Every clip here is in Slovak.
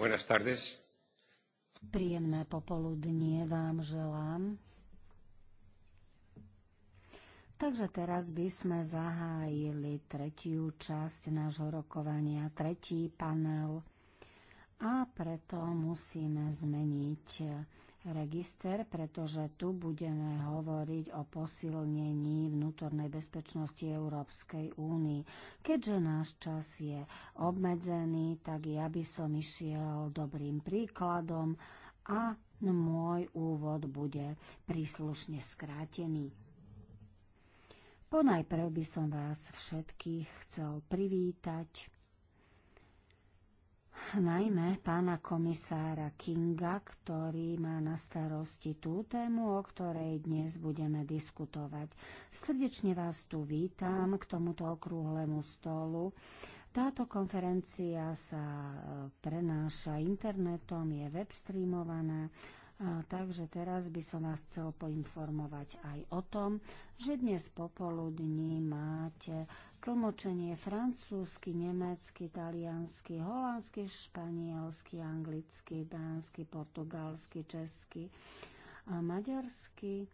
Buenas tardes. Príjemné popoludnie vám želám. Takže teraz by sme zahájili tretiu časť nášho rokovania, tretí panel a preto musíme zmeniť register, pretože tu budeme hovoriť o posilnení vnútornej bezpečnosti Európskej únii. Keďže náš čas je obmedzený, tak ja by som išiel dobrým príkladom a môj úvod bude príslušne skrátený. Ponajprv by som vás všetkých chcel privítať najmä pána komisára Kinga, ktorý má na starosti tú tému, o ktorej dnes budeme diskutovať. Srdečne vás tu vítam k tomuto okrúhlemu stolu. Táto konferencia sa e, prenáša internetom, je webstreamovaná Takže teraz by som vás chcel poinformovať aj o tom, že dnes popoludní máte tlmočenie francúzsky, nemecky, taliansky, holandsky, španielsky, anglicky, dánsky, portugalsky, česky, maďarsky,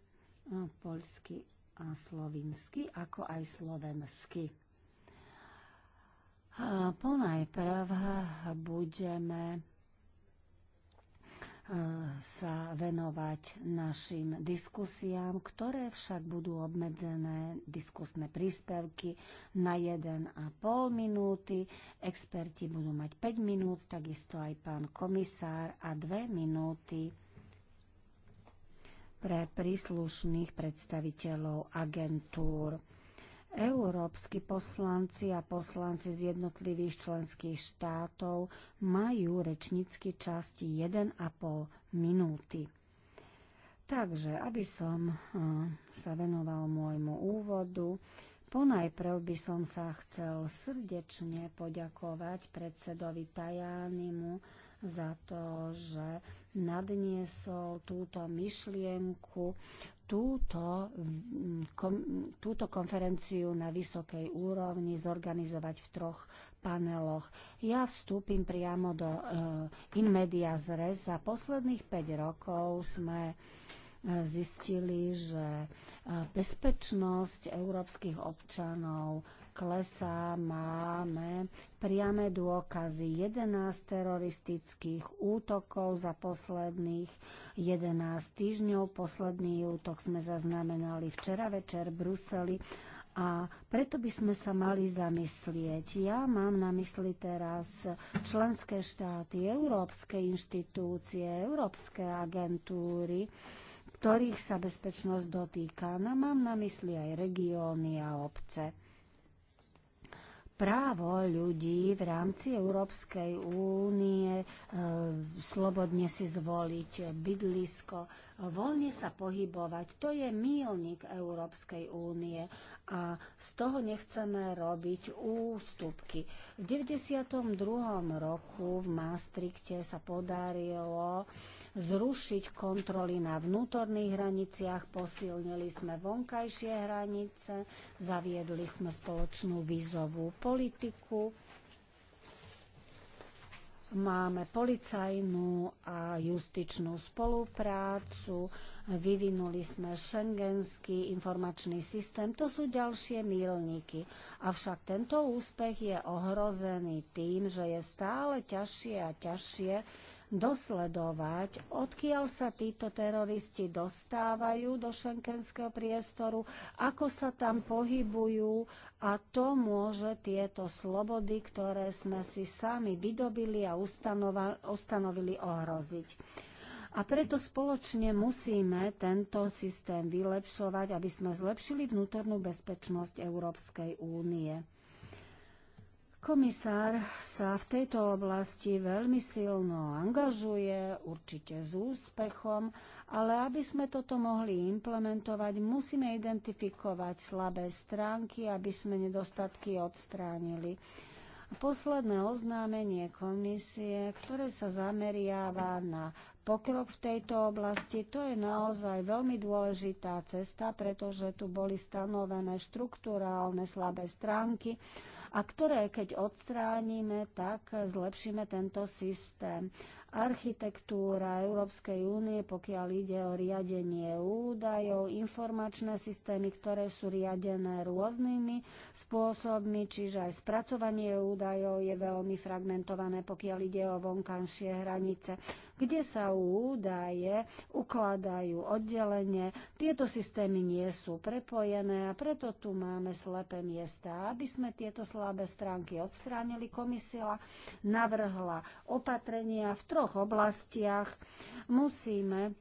poľsky a slovinsky, ako aj slovensky. Ponajprv budeme sa venovať našim diskusiám, ktoré však budú obmedzené diskusné príspevky na 1,5 minúty. Experti budú mať 5 minút, takisto aj pán komisár a 2 minúty pre príslušných predstaviteľov agentúr. Európsky poslanci a poslanci z jednotlivých členských štátov majú rečnícky časti 1,5 minúty. Takže, aby som eh, sa venoval môjmu úvodu, Ponajprv by som sa chcel srdečne poďakovať predsedovi Tajánimu za to, že nadniesol túto myšlienku túto, kom, túto konferenciu na vysokej úrovni zorganizovať v troch paneloch. Ja vstúpim priamo do uh, eh, Inmedia Zres. Za posledných 5 rokov sme uh, zistili, že bezpečnosť európskych občanov klesá, máme priame dôkazy 11 teroristických útokov za posledných 11 týždňov. Posledný útok sme zaznamenali včera večer v Bruseli a preto by sme sa mali zamyslieť. Ja mám na mysli teraz členské štáty, európske inštitúcie, európske agentúry, ktorých sa bezpečnosť dotýka. No, mám na mysli aj regióny a obce. Právo ľudí v rámci Európskej únie e, slobodne si zvoliť bydlisko, voľne sa pohybovať, to je mílnik Európskej únie a z toho nechceme robiť ústupky. V 92. roku v Maastrichte sa podarilo e, zrušiť kontroly na vnútorných hraniciach, posilnili sme vonkajšie hranice, zaviedli sme spoločnú vízovú politiku, máme policajnú a justičnú spoluprácu, vyvinuli sme šengenský informačný systém, to sú ďalšie mílniky. Avšak tento úspech je ohrozený tým, že je stále ťažšie a ťažšie dosledovať, odkiaľ sa títo teroristi dostávajú do šenkenského priestoru, ako sa tam pohybujú a to môže tieto slobody, ktoré sme si sami vydobili a ustanovili ohroziť. A preto spoločne musíme tento systém vylepšovať, aby sme zlepšili vnútornú bezpečnosť Európskej únie. Komisár sa v tejto oblasti veľmi silno angažuje, určite s úspechom, ale aby sme toto mohli implementovať, musíme identifikovať slabé stránky, aby sme nedostatky odstránili. Posledné oznámenie komisie, ktoré sa zameriava na pokrok v tejto oblasti, to je naozaj veľmi dôležitá cesta, pretože tu boli stanovené štruktúrálne slabé stránky a ktoré keď odstránime, tak zlepšíme tento systém. Architektúra Európskej únie, pokiaľ ide o riadenie údajov, informačné systémy, ktoré sú riadené rôznymi spôsobmi, čiže aj spracovanie údajov je veľmi fragmentované, pokiaľ ide o vonkajšie hranice kde sa údaje ukladajú oddelenie. Tieto systémy nie sú prepojené a preto tu máme slepé miesta. Aby sme tieto slabé stránky odstránili, komisia navrhla opatrenia v troch oblastiach. Musíme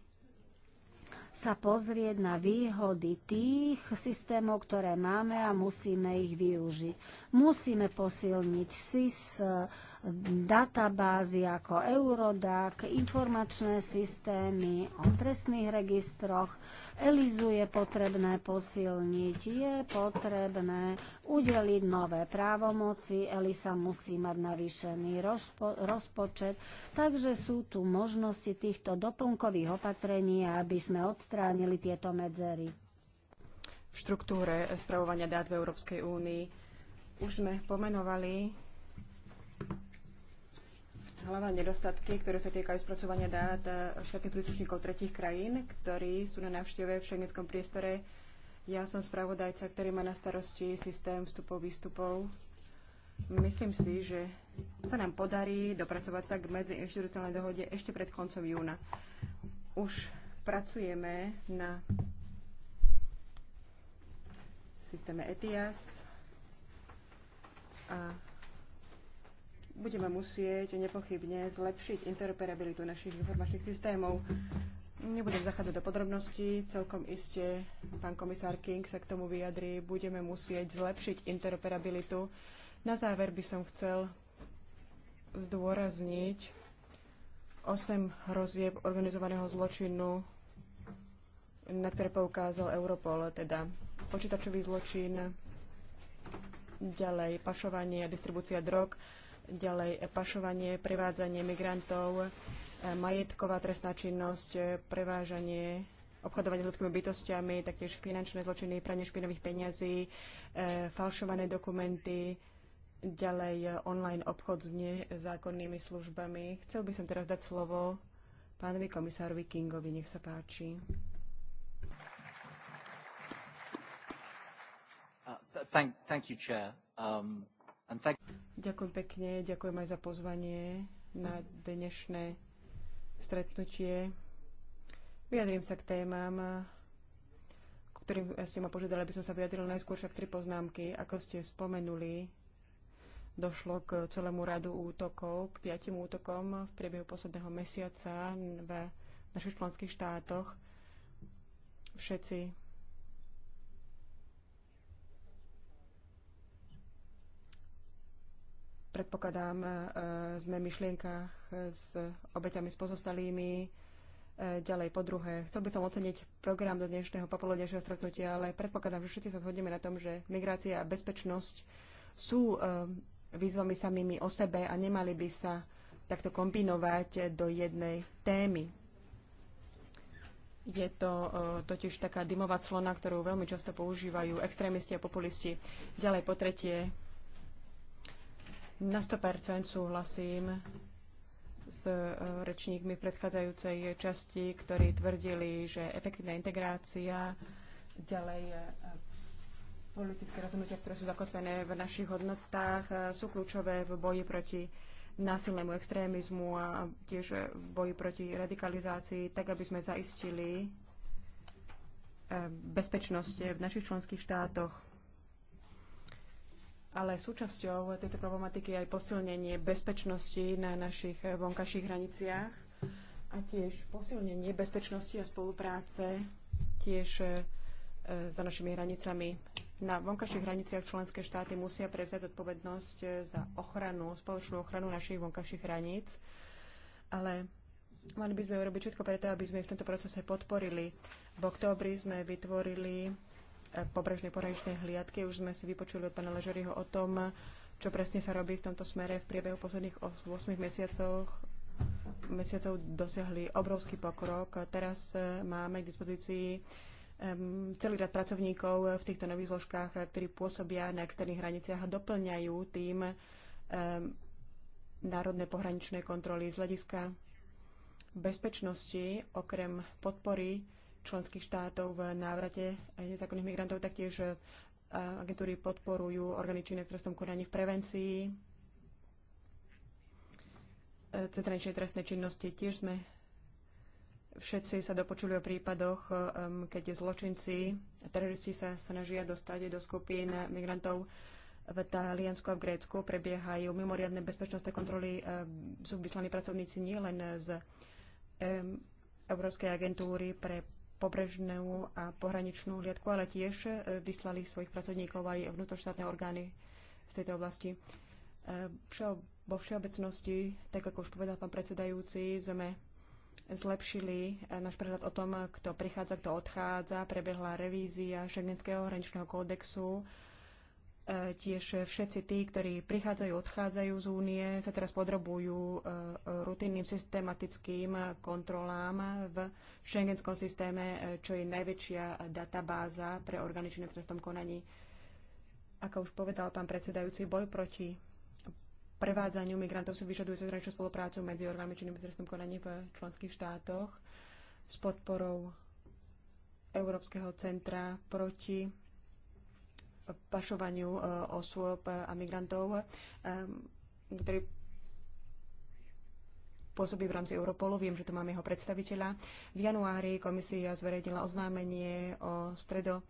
sa pozrieť na výhody tých systémov, ktoré máme a musíme ich využiť. Musíme posilniť SIS, databázy ako Eurodac, informačné systémy o trestných registroch. Elizu je potrebné posilniť, je potrebné udeliť nové právomoci. Elisa musí mať navýšený rozpo- rozpočet, takže sú tu možnosti týchto doplnkových opatrení, aby sme odstránili tieto medzery. V štruktúre spravovania dát v Európskej únii už sme pomenovali hlavné nedostatky, ktoré sa týkajú spracovania dát e, štátnych príslušníkov tretich krajín, ktorí sú na návšteve v šengenskom priestore. Ja som spravodajca, ktorý má na starosti systém vstupov, výstupov. Myslím si, že sa nám podarí dopracovať sa k medziinštitucionálnej dohode ešte pred koncom júna. Už pracujeme na systéme ETIAS a budeme musieť nepochybne zlepšiť interoperabilitu našich informačných systémov. Nebudem zachádzať do podrobností, celkom iste pán komisár King sa k tomu vyjadrí, budeme musieť zlepšiť interoperabilitu. Na záver by som chcel zdôrazniť 8 hrozieb organizovaného zločinu, na ktoré poukázal Europol, teda počítačový zločin, ďalej pašovanie a distribúcia drog, ďalej pašovanie, prevádzanie migrantov, e, majetková trestná činnosť, e, prevážanie, obchodovanie s ľudskými bytostiami, taktiež finančné zločiny, pranie špinových peňazí, e, falšované dokumenty, ďalej online obchod s nezákonnými službami. Chcel by som teraz dať slovo pánovi komisárovi Kingovi. Nech sa páči. Uh, th thank, thank you, Chair. Um, Ďakujem pekne, ďakujem aj za pozvanie na dnešné stretnutie. Vyjadrím sa k témam, k ktorým ste ma požiadali, aby som sa vyjadril najskôr však tri poznámky. Ako ste spomenuli, došlo k celému radu útokov, k piatim útokom v priebehu posledného mesiaca v našich členských štátoch. Všetci predpokladám, e, sme v myšlienkach s obeťami, s pozostalými. E, ďalej, po druhé, chcel by som oceniť program do dnešného popoludnejšieho stretnutia, ale predpokladám, že všetci sa zhodneme na tom, že migrácia a bezpečnosť sú e, výzvami samými o sebe a nemali by sa takto kombinovať do jednej témy. Je to uh, totiž taká dymová clona, ktorú veľmi často používajú extrémisti a populisti. Ďalej po tretie, na 100% súhlasím s e, rečníkmi v predchádzajúcej časti, ktorí tvrdili, že efektívna integrácia ďalej e, politické rozhodnutia, ktoré sú zakotvené v našich hodnotách, e, sú kľúčové v boji proti násilnému extrémizmu a tiež v boji proti radikalizácii, tak aby sme zaistili bezpečnosť v našich členských štátoch ale súčasťou tejto problematiky je aj posilnenie bezpečnosti na našich vonkajších hraniciach a tiež posilnenie bezpečnosti a spolupráce tiež e, za našimi hranicami. Na vonkajších hraniciach členské štáty musia prevziať odpovednosť e, za ochranu, spoločnú ochranu našich vonkajších hraníc, ale mali by sme urobiť všetko preto, aby sme v tomto procese podporili. V októbri sme vytvorili pobrežnej poraničnej hliadky. Už sme si vypočuli od pana Ležeryho o tom, čo presne sa robí v tomto smere. V priebehu posledných 8 mesiacov, mesiacov dosiahli obrovský pokrok. Teraz e, máme k dispozícii celý rad pracovníkov v týchto nových zložkách, ktorí pôsobia na externých hraniciach a doplňajú tým národné pohraničné kontroly z hľadiska bezpečnosti, okrem podpory členských štátov v návrate nezákonných migrantov, taktiež e, agentúry podporujú orgány činné v trestnom konaní v prevencii e, Centrálnejšie trestnej činnosti. Tiež sme všetci sa dopočuli o prípadoch, e, keď zločinci a teroristi sa snažia dostať do skupín migrantov v Taliansku a v Grécku. Prebiehajú mimoriadne bezpečnostné kontroly. Sú vyslaní pracovníci nielen z Európskej agentúry pre pobrežnú a pohraničnú hliadku, ale tiež e, vyslali svojich pracovníkov aj vnútroštátne orgány z tejto oblasti. E, vo všeobecnosti, tak ako už povedal pán predsedajúci, sme zlepšili e, náš prehľad o tom, kto prichádza, kto odchádza. Prebehla revízia Schengenského hraničného kódexu E, tiež všetci tí, ktorí prichádzajú, odchádzajú z únie, sa teraz podrobujú e, rutinným systematickým kontrolám v šengenskom systéme, e, čo je najväčšia databáza pre organičné v trestnom konaní. Ako už povedal pán predsedajúci, boj proti prevádzaniu migrantov si vyžaduje zahraničnú spoluprácu medzi orgánmi činnými v trestnom konaní v členských štátoch s podporou Európskeho centra proti pašovaniu e, osôb a migrantov, e, ktorý pôsobí v rámci Europolu. Viem, že tu máme jeho predstaviteľa. V januári komisia zverejnila oznámenie o stredo,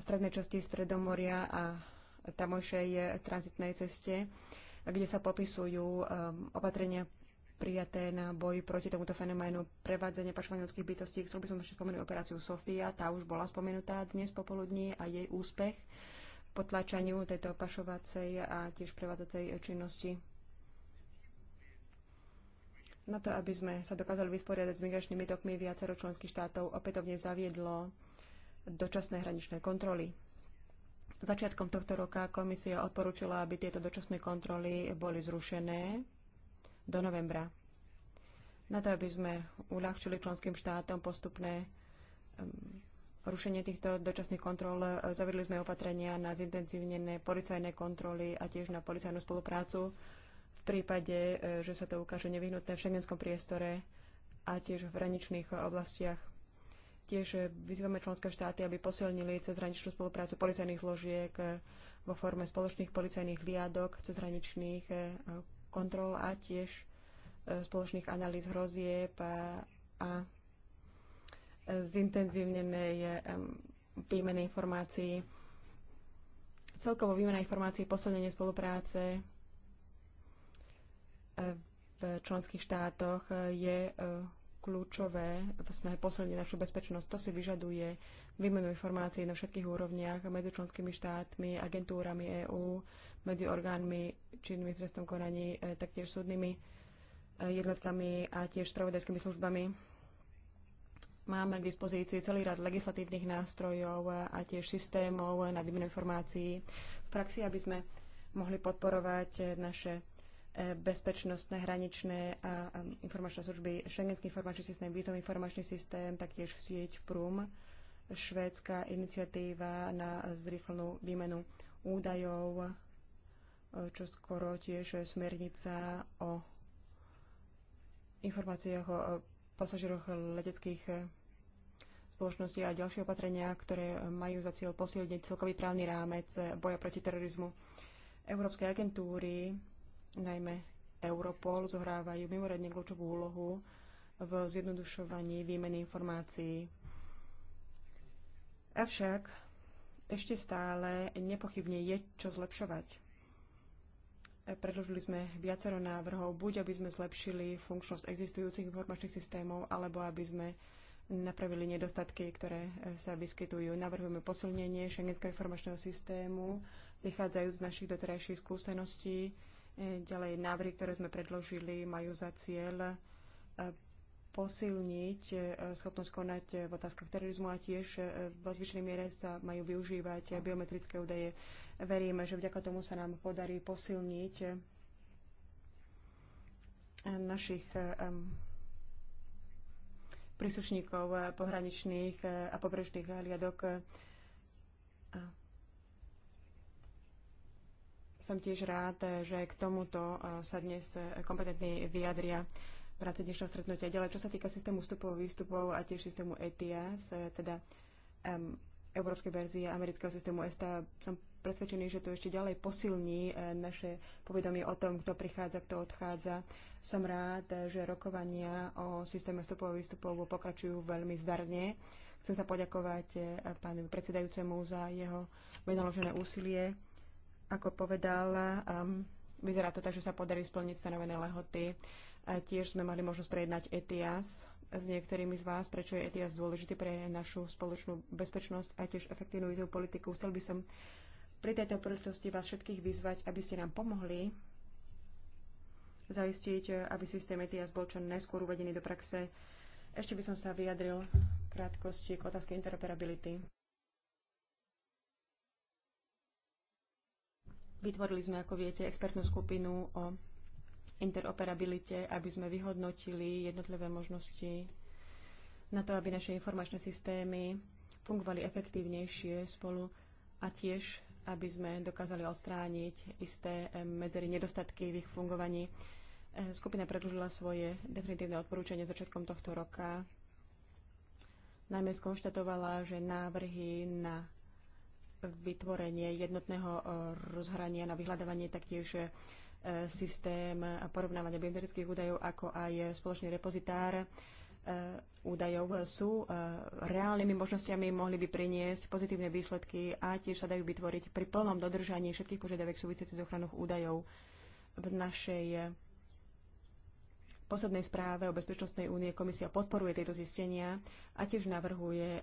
strednej časti Stredomoria a tamojšej tranzitnej ceste, kde sa popisujú e, opatrenia prijaté na boj proti tomuto fenoménu prevádzania pašmanovských bytostí. Chcel by som ešte spomenúť operáciu Sofia, tá už bola spomenutá dnes popoludní a jej úspech potlačaniu tejto pašovacej a tiež prevádzacej činnosti. Na to, aby sme sa dokázali vysporiadať s migračnými tokmi, viacero členských štátov opätovne zaviedlo dočasné hraničné kontroly. Začiatkom tohto roka komisia odporúčila, aby tieto dočasné kontroly boli zrušené do novembra. Na to, aby sme uľahčili členským štátom postupné um, rušenie týchto dočasných kontrol, eh, zavedli sme opatrenia na zintenzívnené policajné kontroly a tiež na policajnú spoluprácu v prípade, eh, že sa to ukáže nevyhnutné v šengenskom priestore a tiež v hraničných eh, oblastiach. Tiež vyzývame členské štáty, aby posilnili cezhraničnú spoluprácu policajných zložiek vo forme spoločných policajných liadok cezhraničných kontrol a tiež e, spoločných analýz hrozieb a, a zintenzívnenej e, výmeny informácií. Celkovo výmena informácií, posilnenie spolupráce e, v členských štátoch je kľúčové v snahe posilniť našu bezpečnosť. To si vyžaduje výmenu informácií na všetkých úrovniach medzi členskými štátmi, agentúrami EÚ, medzi orgánmi činnými v trestnom konaní, e, taktiež súdnymi e, jednotkami a tiež spravodajskými službami. Máme k dispozícii celý rad legislatívnych nástrojov e, a tiež systémov na výmenu informácií v praxi, aby sme mohli podporovať naše bezpečnostné, hraničné a informačné služby, Schengenský informačný systém, vízový informačný systém, taktiež sieť PRUM švédska iniciatíva na zrýchlenú výmenu údajov, e, čo skoro tiež smernica o informáciách o e, pasažieroch leteckých e, spoločností a ďalšie opatrenia, ktoré majú za cieľ posilniť celkový právny rámec boja proti terorizmu. Európske agentúry, najmä Europol, zohrávajú mimoriadne kľúčovú úlohu v zjednodušovaní výmeny informácií Avšak ešte stále nepochybne je čo zlepšovať. E, predložili sme viacero návrhov, buď aby sme zlepšili funkčnosť existujúcich informačných systémov, alebo aby sme napravili nedostatky, ktoré e, sa vyskytujú. Navrhujeme posilnenie šengenského informačného systému, vychádzajúc z našich doterajších skúseností. E, ďalej návrhy, ktoré sme predložili, majú za cieľ posilniť e, schopnosť konať e, v otázkach terorizmu a tiež e, vo zvyšnej miere sa majú využívať biometrické údaje. Veríme, že vďaka tomu sa nám podarí posilniť našich príslušníkov pohraničných a pobrežných hliadok. Som tiež rád, že k tomuto sa dnes kompetentní vyjadria v rámci dnešného stretnutia. Ďalej, čo sa týka systému vstupov, výstupov a tiež systému ETIAS, eh, teda um, európskej verzie amerického systému ESTA, som presvedčený, že to ešte ďalej posilní eh, naše povedomie o tom, kto prichádza, kto odchádza. Som rád, že rokovania o systéme vstupov a výstupov pokračujú veľmi zdarne. Chcem sa poďakovať eh, pánu predsedajúcemu za jeho vynaložené úsilie. Ako povedal, um, vyzerá to tak, že sa podarí splniť stanovené lehoty. A tiež sme mali možnosť prejednať ETIAS s niektorými z vás, prečo je ETIAS dôležitý pre našu spoločnú bezpečnosť a tiež efektívnu víziu politiku. Chcel by som pri tejto príležitosti vás všetkých vyzvať, aby ste nám pomohli zaistiť, aby systém ETIAS bol čo najskôr uvedený do praxe. Ešte by som sa vyjadril v krátkosti k otázke interoperability. Vytvorili sme, ako viete, expertnú skupinu o interoperabilite, aby sme vyhodnotili jednotlivé možnosti na to, aby naše informačné systémy fungovali efektívnejšie spolu a tiež, aby sme dokázali odstrániť isté eh, medzery, nedostatky v ich fungovaní. Eh, skupina predlžila svoje definitívne odporúčanie začiatkom tohto roka. Najmä skonštatovala, že návrhy na vytvorenie jednotného eh, rozhrania na vyhľadávanie taktiež E, systém porovnávania biometrických údajov, ako aj spoločný repozitár e, údajov sú e, reálnymi možnosťami, mohli by priniesť pozitívne výsledky a tiež sa dajú vytvoriť pri plnom dodržaní všetkých požiadavek súvisiacich s ochranou údajov. V našej poslednej správe o bezpečnostnej únie komisia podporuje tieto zistenia a tiež navrhuje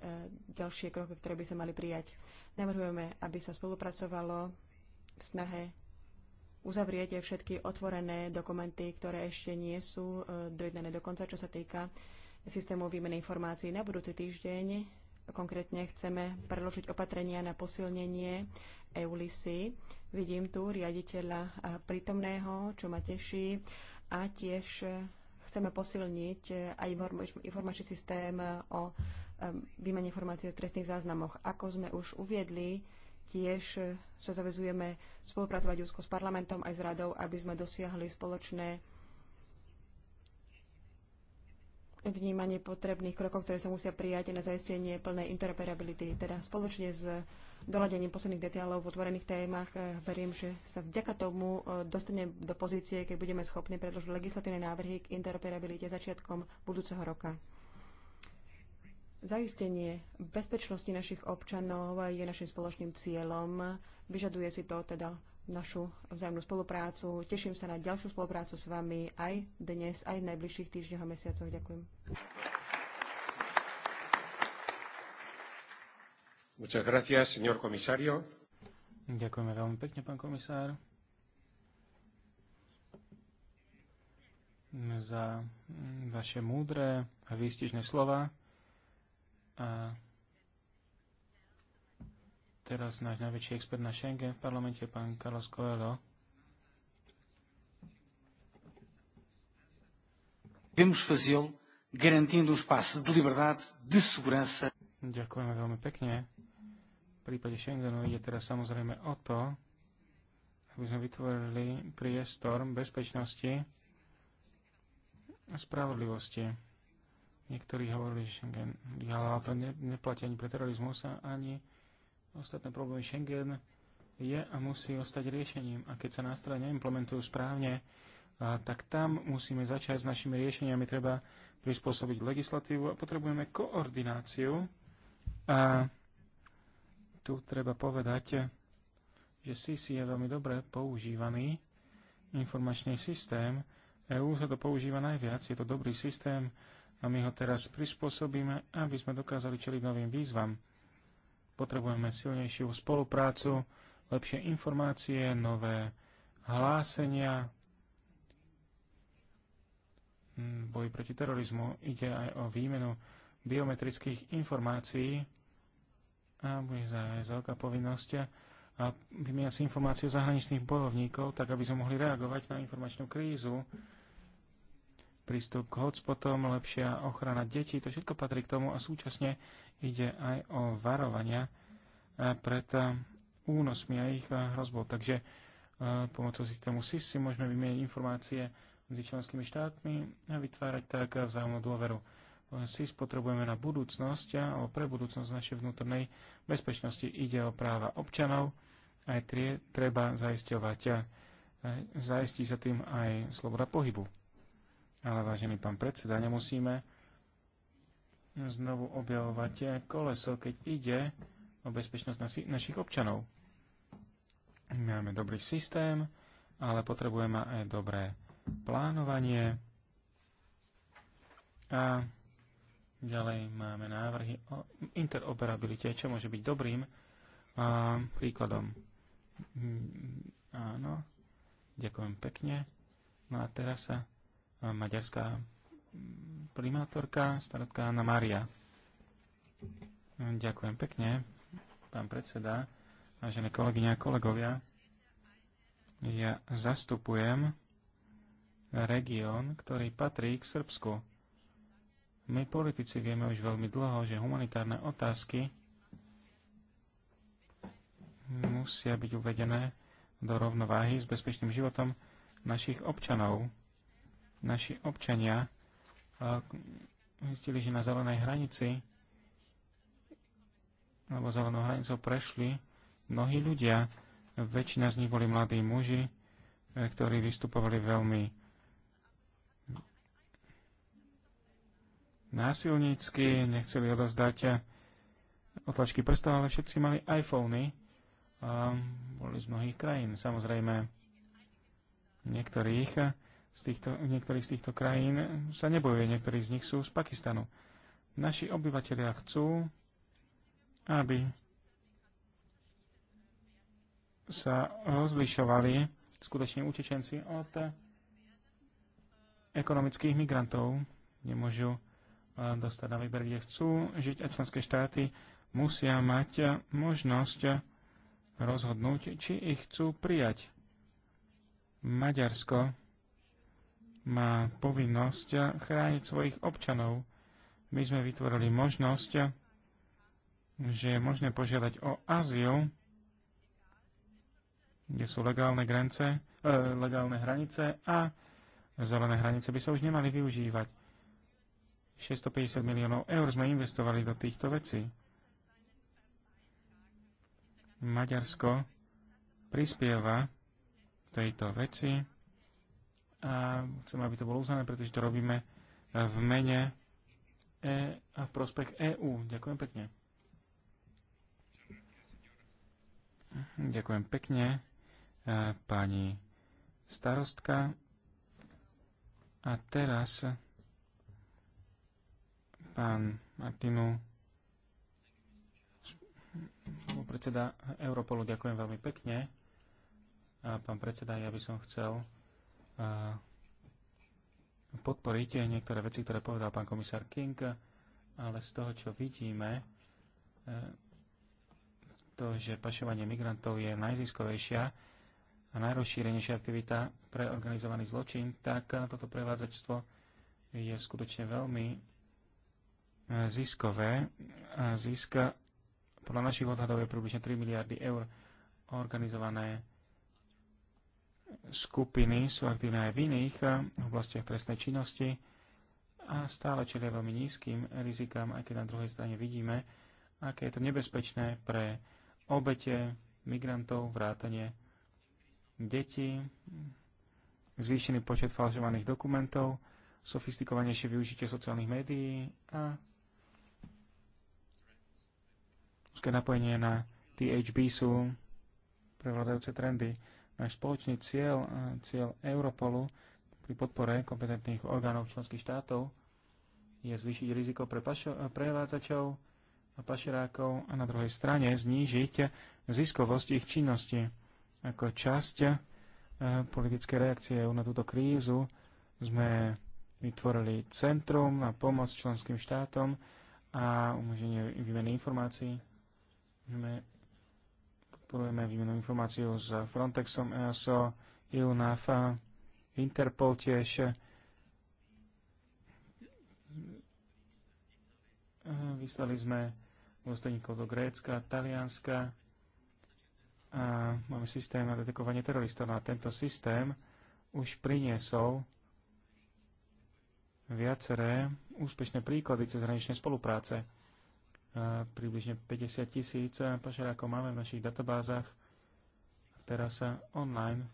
ďalšie kroky, ktoré by sa mali prijať. Navrhujeme, aby sa spolupracovalo v snahe uzavriete všetky otvorené dokumenty, ktoré ešte nie sú e, dojednané dokonca, čo sa týka systému výmeny informácií. Na budúci týždeň konkrétne chceme preložiť opatrenia na posilnenie EULISy. Vidím tu riaditeľa e, prítomného, čo ma teší. A tiež e, chceme posilniť aj informačný systém o výmene informácií o trestných záznamoch. Ako sme už uviedli, Tiež sa zavezujeme spolupracovať úzko s parlamentom aj s radou, aby sme dosiahli spoločné vnímanie potrebných krokov, ktoré sa musia prijať na zaistenie plnej interoperability. Teda spoločne s doľadením posledných detailov v otvorených témach verím, že sa vďaka tomu e, dostane do pozície, keď budeme schopní predložiť legislatívne návrhy k interoperabilite začiatkom budúceho roka. Zaistenie bezpečnosti našich občanov je našim spoločným cieľom. Vyžaduje si to teda našu vzájomnú spoluprácu. Teším sa na ďalšiu spoluprácu s vami aj dnes, aj v najbližších týždňoch a mesiacoch. Ďakujem. Muchas gracias, señor Ďakujeme veľmi pekne, pán komisár, za vaše múdre a výstižné slova. A teraz náš najväčší expert na Schengen v parlamente, pán Carlos Coelho. Vemos fazê-lo garantindo um espaço de liberdade, de segurança. Ďakujeme veľmi pekne. V prípade Schengenu ide teraz samozrejme o to, aby sme vytvorili priestor bezpečnosti a spravodlivosti. Niektorí hovorili, že Schengen, ale to ne, neplatí ani pre terorizmus, ani ostatné problémy Schengen je a musí ostať riešením. A keď sa nástroje neimplementujú správne, a tak tam musíme začať s našimi riešeniami. Treba prispôsobiť legislatívu a potrebujeme koordináciu. A tu treba povedať, že SIS je veľmi dobre používaný informačný systém. EÚ sa to používa najviac. Je to dobrý systém a my ho teraz prispôsobíme, aby sme dokázali čeliť novým výzvam. Potrebujeme silnejšiu spoluprácu, lepšie informácie, nové hlásenia. Boj proti terorizmu ide aj o výmenu biometrických informácií a bude aj veľká povinnosť a vymieňať si informácie zahraničných bojovníkov, tak aby sme mohli reagovať na informačnú krízu, prístup k hotspotom, lepšia ochrana detí, to všetko patrí k tomu a súčasne ide aj o varovania eh, pred eh, únosmi a ich eh, hrozbou. Takže pomocou systému SIS si môžeme vymieňať informácie medzi členskými štátmi a vytvárať tak vzájomnú dôveru. SIS potrebujeme na budúcnosť alebo pre budúcnosť našej vnútornej bezpečnosti. Ide o práva občanov, aj tie treba zaisťovať a zaistí sa tým aj sloboda pohybu. Ale vážený pán predseda, nemusíme znovu objavovať koleso, keď ide o bezpečnosť nasi, našich občanov. Máme dobrý systém, ale potrebujeme aj dobré plánovanie. A ďalej máme návrhy o interoperabilite, čo môže byť dobrým a, príkladom. Mm, áno, ďakujem pekne. No a teraz sa maďarská mm, primátorka, starostka Anna Maria. Ďakujem pekne, pán predseda, vážené kolegyne a kolegovia. Ja zastupujem región, ktorý patrí k Srbsku. My politici vieme už veľmi dlho, že humanitárne otázky musia byť uvedené do rovnováhy s bezpečným životom našich občanov naši občania zistili, že na zelenej hranici alebo zelenou hranicou prešli mnohí ľudia. Väčšina z nich boli mladí muži, e, ktorí vystupovali veľmi násilnícky, nechceli odozdať otlačky prstov, ale všetci mali iPhony. A boli z mnohých krajín, samozrejme. Niektorých z týchto, niektorých z týchto krajín sa nebojuje, niektorí z nich sú z Pakistanu. Naši obyvateľia chcú, aby sa rozlišovali skutoční utečenci od ekonomických migrantov. Nemôžu eh, dostať na výber, kde chcú žiť a členské štáty musia mať možnosť rozhodnúť, či ich chcú prijať. Maďarsko má povinnosť chrániť svojich občanov. My sme vytvorili možnosť, že je možné požiadať o azyl, kde sú legálne, grance, e, legálne hranice a zelené hranice by sa už nemali využívať. 650 miliónov eur sme investovali do týchto vecí. Maďarsko prispieva tejto veci a chcem, aby to bolo uznané, pretože to robíme v mene e a v prospech EÚ. Ďakujem pekne. Ďakujem pekne, e, pani starostka. A teraz pán Martinu, predseda Europolu, ďakujem veľmi pekne. A pán predseda, ja by som chcel podporiť niektoré veci, ktoré povedal pán komisár King, ale z toho, čo vidíme, e, to, že pašovanie migrantov je najziskovejšia a najrozšírenejšia aktivita pre organizovaný zločin, tak toto prevádzačstvo je skutočne veľmi e, ziskové. A podľa našich odhadov je približne 3 miliardy eur organizované skupiny sú aktívne aj v iných eh, oblastiach trestnej činnosti a stále čelia veľmi nízkym rizikám, aj keď na druhej strane vidíme, aké je to nebezpečné pre obete migrantov, vrátanie detí, zvýšený počet falšovaných dokumentov, sofistikovanejšie využitie sociálnych médií a úzke napojenie na THB sú prevládajúce trendy náš spoločný cieľ, e, cieľ Europolu pri podpore kompetentných orgánov členských štátov je zvýšiť riziko pre pašo, e, prevádzačov a pašerákov a na druhej strane znížiť ziskovosť ich činnosti. Ako časť e, politickej reakcie na túto krízu sme vytvorili centrum na pomoc členským štátom a umožnenie výmeny informácií. Sme podporujeme výmenu informáciu s Frontexom, EASO, EUNAF, Interpol tiež. Vyslali sme dôstojníkov do Grécka, Talianska a máme systém na detekovanie teroristov. No a tento systém už priniesol viaceré úspešné príklady cezhraničnej spolupráce približne 50 tisíc pašerákov máme v našich databázach. Teraz online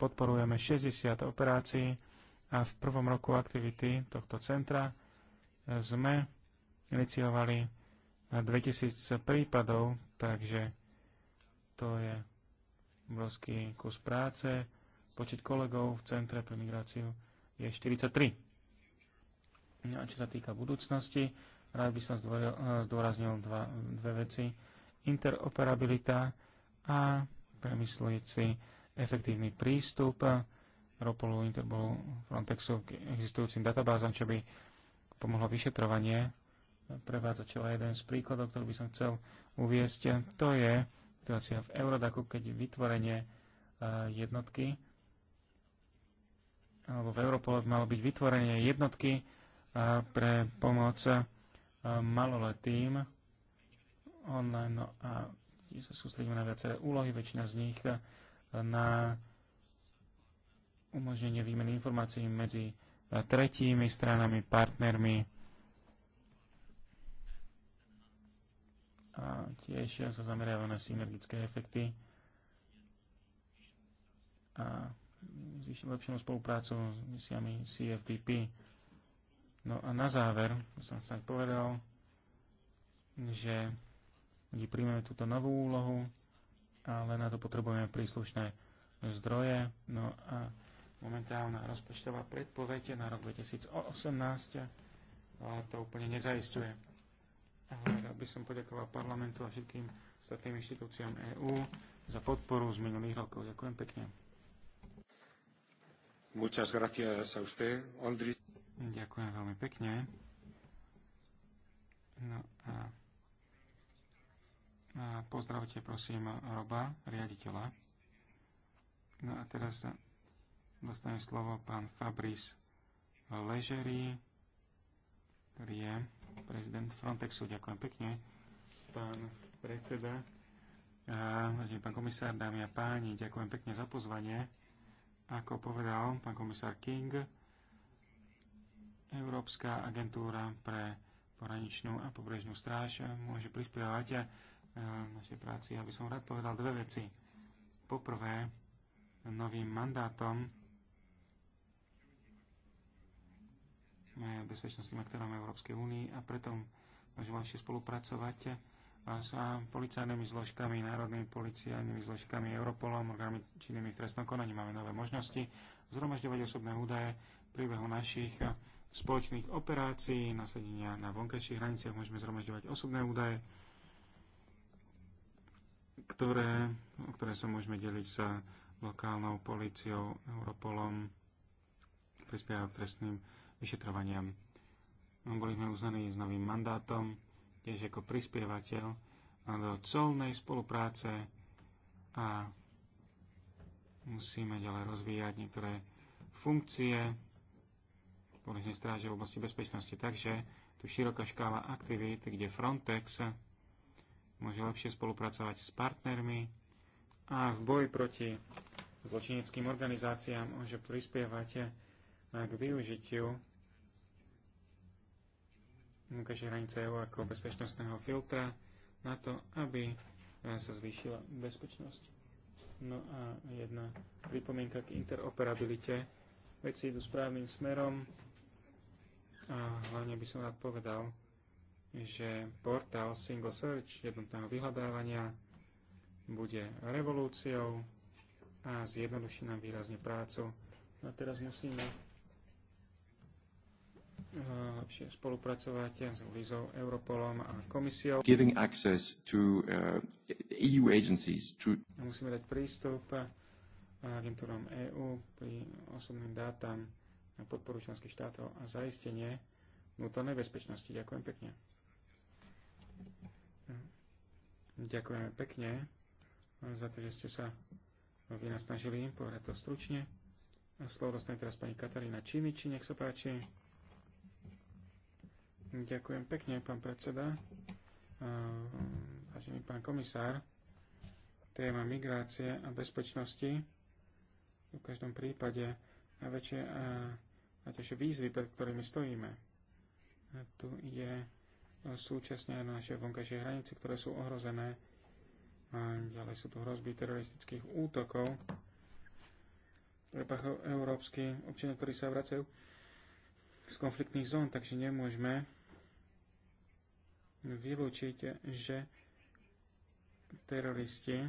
podporujeme 60 operácií a v prvom roku aktivity tohto centra sme iniciovali 2000 prípadov, takže to je obrovský kus práce. Počet kolegov v Centre pre migráciu je 43. No a čo sa týka budúcnosti, Rád by som eh, zdôraznil dva, dve veci. Interoperabilita a premyslieť si efektívny prístup Europolu, Interpolu, Frontexu k existujúcim databázam, čo by pomohlo vyšetrovanie prevádzačila. jeden z príkladov, ktorý by som chcel uviesť, to je situácia v Eurodaku, keď vytvorenie eh, jednotky alebo v Europole malo byť vytvorenie jednotky eh, pre pomoc Ehm, maloletým online no a sa sústredíme na viaceré úlohy, väčšina z nich eh, na umožnenie výmeny informácií medzi eh, tretími stranami, partnermi a tiež sa zameriava na synergické efekty a zvyšil lepšiu spoluprácu s misiami CFDP No a na záver som sa povedal, že príjmeme túto novú úlohu, ale na to potrebujeme príslušné zdroje. No a momentálna rozpočtová predpoveď na rok 2018 to úplne nezaistuje. Ale rád by som poďakoval parlamentu a všetkým ostatným inštitúciám EÚ za podporu z minulých rokov. Ďakujem pekne. Muchas gracias a usted, Ondri. Mm. Ďakujem veľmi pekne. No a, a pozdravte prosím Roba, riaditeľa. No a teraz dostane slovo pán Fabris Ležery, ktorý je prezident Frontexu. Ďakujem pekne, pán predseda. Vážený pán komisár, dámy a páni, ďakujem pekne za pozvanie. Ako povedal pán komisár King, Európska agentúra pre poraničnú a pobrežnú stráž môže prispievať eh, našej práci. aby som rád povedal dve veci. Poprvé, novým mandátom eh, bezpečnostným aktérom Európskej únii a preto môžem lepšie spolupracovať eh, s policajnými zložkami, národnými policajnými zložkami, Europolom, orgánmi činnými v trestnom konaní. Máme nové možnosti zhromažďovať osobné údaje v príbehu našich spoločných operácií, nasadenia na vonkajších hraniciach, môžeme zhromažďovať osobné údaje, ktoré, o ktoré sa môžeme deliť sa lokálnou políciou, Europolom, prispieva k trestným vyšetrovaniam. Boli sme uznaní s novým mandátom, tiež ako prispievateľ do colnej spolupráce a musíme ďalej rozvíjať niektoré funkcie, policajnej stráže v oblasti bezpečnosti. Takže tu široká škála aktivít, kde Frontex môže lepšie spolupracovať s partnermi a v boji proti zločineckým organizáciám môže prispievať k využitiu ukáže hranice EU ako bezpečnostného filtra na to, aby sa zvýšila bezpečnosť. No a jedna pripomienka k interoperabilite. Veci idú správnym smerom, a hlavne by som rád povedal, že portál Single Search jednotného vyhľadávania bude revolúciou a zjednoduší nám výrazne prácu. A teraz musíme eh, lepšie spolupracovať s Lizou, Europolom a komisiou. Giving access to uh, eh, EU agencies to... Musíme dať prístup eh, agentúrom EÚ pri osobným dátam na podporu členských štátov a zaistenie vnútornej bezpečnosti. Ďakujem pekne. Ďakujeme pekne za to, že ste sa vy nás snažili povedať to stručne. slovo dostane teraz pani Katarína Čimiči, nech sa páči. Ďakujem pekne, pán predseda. Vážený pán komisár, téma migrácie a bezpečnosti v každom prípade najväčšie a tiež výzvy, pred ktorými stojíme. A tu je e, súčasne aj na naše vonkajšie hranice, ktoré sú ohrozené. A ďalej sú tu hrozby teroristických útokov. Prepachov európsky občania, ktorí sa vracajú z konfliktných zón, takže nemôžeme vylúčiť, že teroristi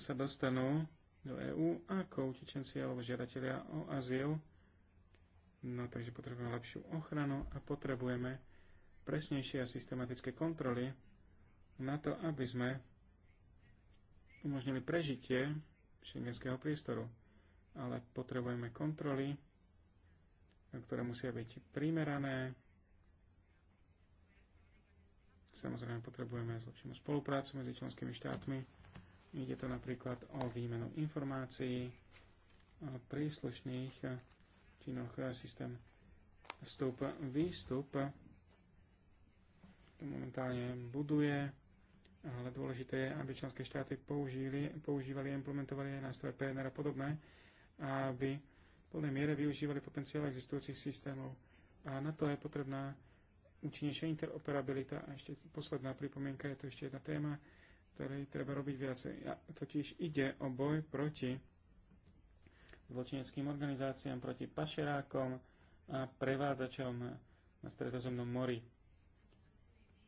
sa dostanú do EÚ ako utečenci alebo žiadatelia o azyl No takže potrebujeme lepšiu ochranu a potrebujeme presnejšie a systematické kontroly na to, aby sme umožnili prežitie šengenského priestoru. Ale potrebujeme kontroly, ktoré musia byť primerané. Samozrejme potrebujeme zlepšenú spoluprácu medzi členskými štátmi. Ide to napríklad o výmenu informácií, príslušných činoch eh, systém vstup, výstup to momentálne buduje, ale dôležité je, aby členské štáty použili, používali a implementovali aj nástroje PNR a podobné, aby v plnej miere využívali potenciál existujúcich systémov. A na to je potrebná účinnejšia interoperabilita. A ešte posledná pripomienka, je to ešte jedna téma, ktorej treba robiť viacej. A totiž ide o boj proti zločineckým organizáciám, proti pašerákom a prevádzačom na Stredozemnom mori.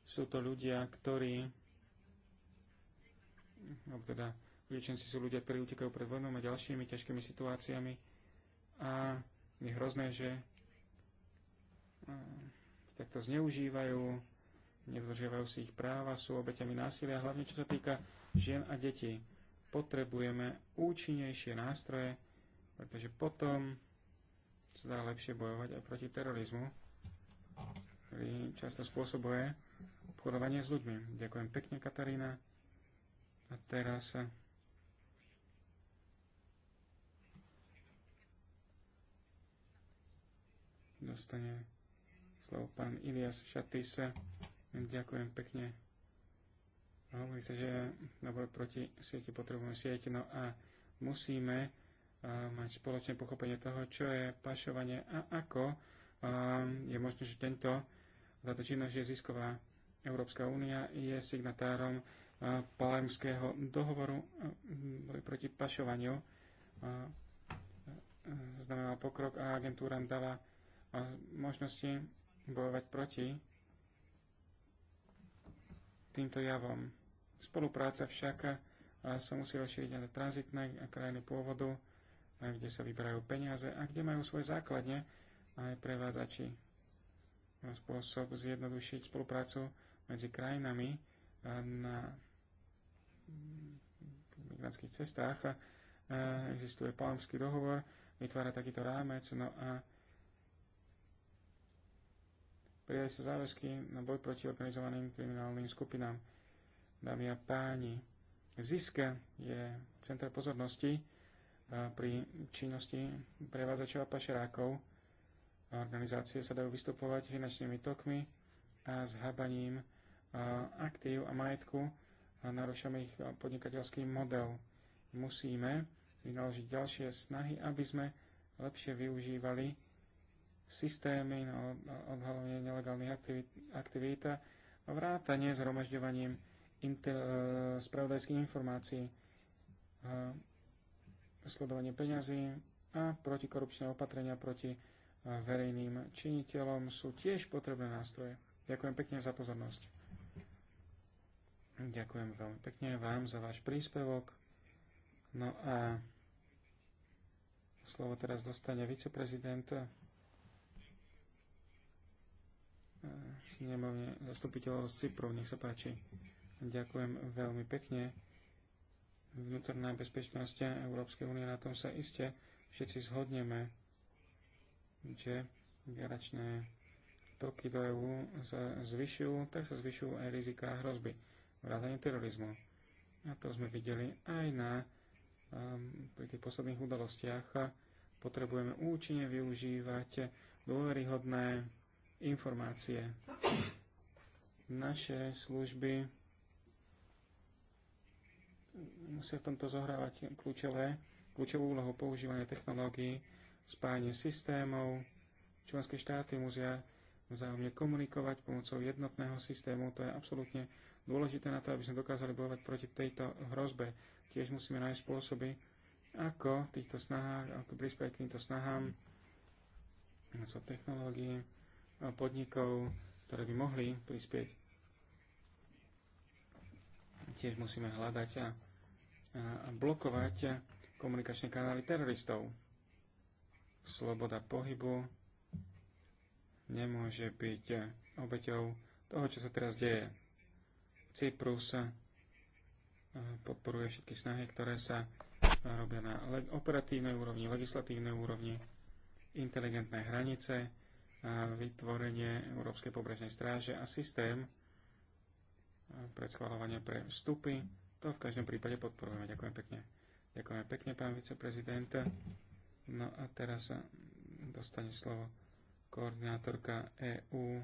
Sú to ľudia, ktorí alebo teda Liečenci sú ľudia, ktorí utekajú pred vojnou a ďalšími ťažkými situáciami a je hrozné, eh, že takto zneužívajú, nedodržiavajú si ich práva, sú obeťami násilia, hlavne čo sa týka žien a detí. Potrebujeme účinnejšie nástroje pretože potom sa dá lepšie bojovať aj proti terorizmu, ktorý často spôsobuje obchodovanie s ľuďmi. Ďakujem pekne, Katarína. A teraz dostane slovo pán Ilias Šatis. Ďakujem pekne. Hovorí sa, že na boj proti sieti potrebujeme sieť, no a musíme mať spoločné pochopenie toho, čo je pašovanie a ako je možné, že tento, táto činnosť je zisková. Európska únia je signatárom Palermského dohovoru proti pašovaniu. Znamená pokrok a agentúra dala možnosti bojovať proti týmto javom. Spolupráca však sa musí rozšíriť na tranzitné krajiny pôvodu, kde sa vyberajú peniaze a kde majú svoje základne aj prevádzači. Spôsob zjednodušiť spoluprácu medzi krajinami na migrantských cestách existuje palmský dohovor, vytvára takýto rámec, no a pridajú sa záväzky na boj proti organizovaným kriminálnym skupinám. Dámy a páni, zisk je centra pozornosti pri činnosti prevádzačov a pašerákov. Organizácie sa dajú vystupovať finančnými tokmi a zhábaním aktív a majetku a narušujeme ich podnikateľský model. Musíme vynaložiť ďalšie snahy, aby sme lepšie využívali systémy na odhalenie nelegálnych aktivít, aktivít a vrátanie zhromažďovaním e, spravodajských informácií sledovanie peňazí a protikorupčné opatrenia proti e, verejným činiteľom sú tiež potrebné nástroje. Ďakujem pekne za pozornosť. Ďakujem veľmi pekne vám za váš príspevok. No a slovo teraz dostane viceprezident e, snemovne zastupiteľov z Cypru. Nech sa páči. Ďakujem veľmi pekne vnútorná bezpečnosť Európskej únie, na tom sa iste všetci zhodneme, že migračné toky do EÚ sa zvyšujú, tak sa zvyšujú aj riziká hrozby, vrátane terorizmu. A to sme videli aj na um, pri tých posledných udalostiach. Potrebujeme účinne využívať dôveryhodné informácie. Naše služby musia v tomto zohrávať kľúčové, kľúčovú úlohu používania technológií, spájanie systémov. Členské štáty musia vzájomne komunikovať pomocou jednotného systému. To je absolútne dôležité na to, aby sme dokázali bojovať proti tejto hrozbe. Tiež musíme nájsť spôsoby, ako týchto snahách, ako prispieť k týmto snahám pomocou technológií, podnikov, ktoré by mohli prispieť tiež musíme hľadať a, a blokovať komunikačné kanály teroristov. Sloboda pohybu nemôže byť obeťou toho, čo sa teraz deje. Cyprus e, podporuje všetky snahy, ktoré sa robia na operatívnej úrovni, legislatívnej úrovni, inteligentné hranice, a vytvorenie Európskej pobrežnej stráže a systém, schváľovanie pre vstupy. To v každom prípade podporujeme. Ďakujem pekne. Ďakujeme pekne, pán viceprezident. No a teraz dostane slovo koordinátorka EÚ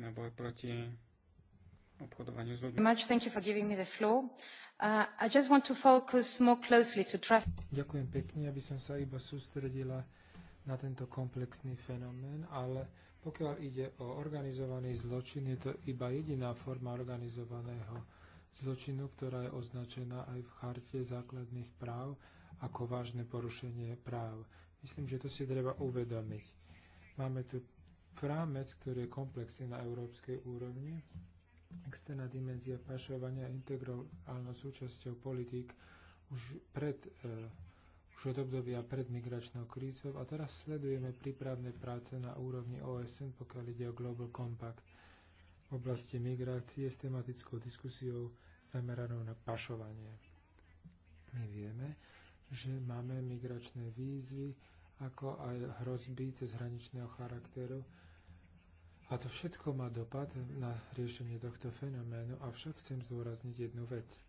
na boj proti obchodovaniu s ľuďmi. Uh, Ďakujem pekne, aby som sa iba sústredila na tento komplexný fenomén, ale pokiaľ ide o organizovaný zločin, je to iba jediná forma organizovaného zločinu, ktorá je označená aj v charte základných práv ako vážne porušenie práv. Myslím, že to si treba uvedomiť. Máme tu rámec, ktorý je komplexný na európskej úrovni. Externá dimenzia pašovania integrálnou súčasťou politík už pred e, už od obdobia pred migračnou krízou a teraz sledujeme prípravné práce na úrovni OSN, pokiaľ ide o Global Compact v oblasti migrácie s tematickou diskusiou zameranou na pašovanie. My vieme, že máme migračné výzvy, ako aj hrozby cez hraničného charakteru, a to všetko má dopad na riešenie tohto fenoménu, avšak chcem zdôrazniť jednu vec –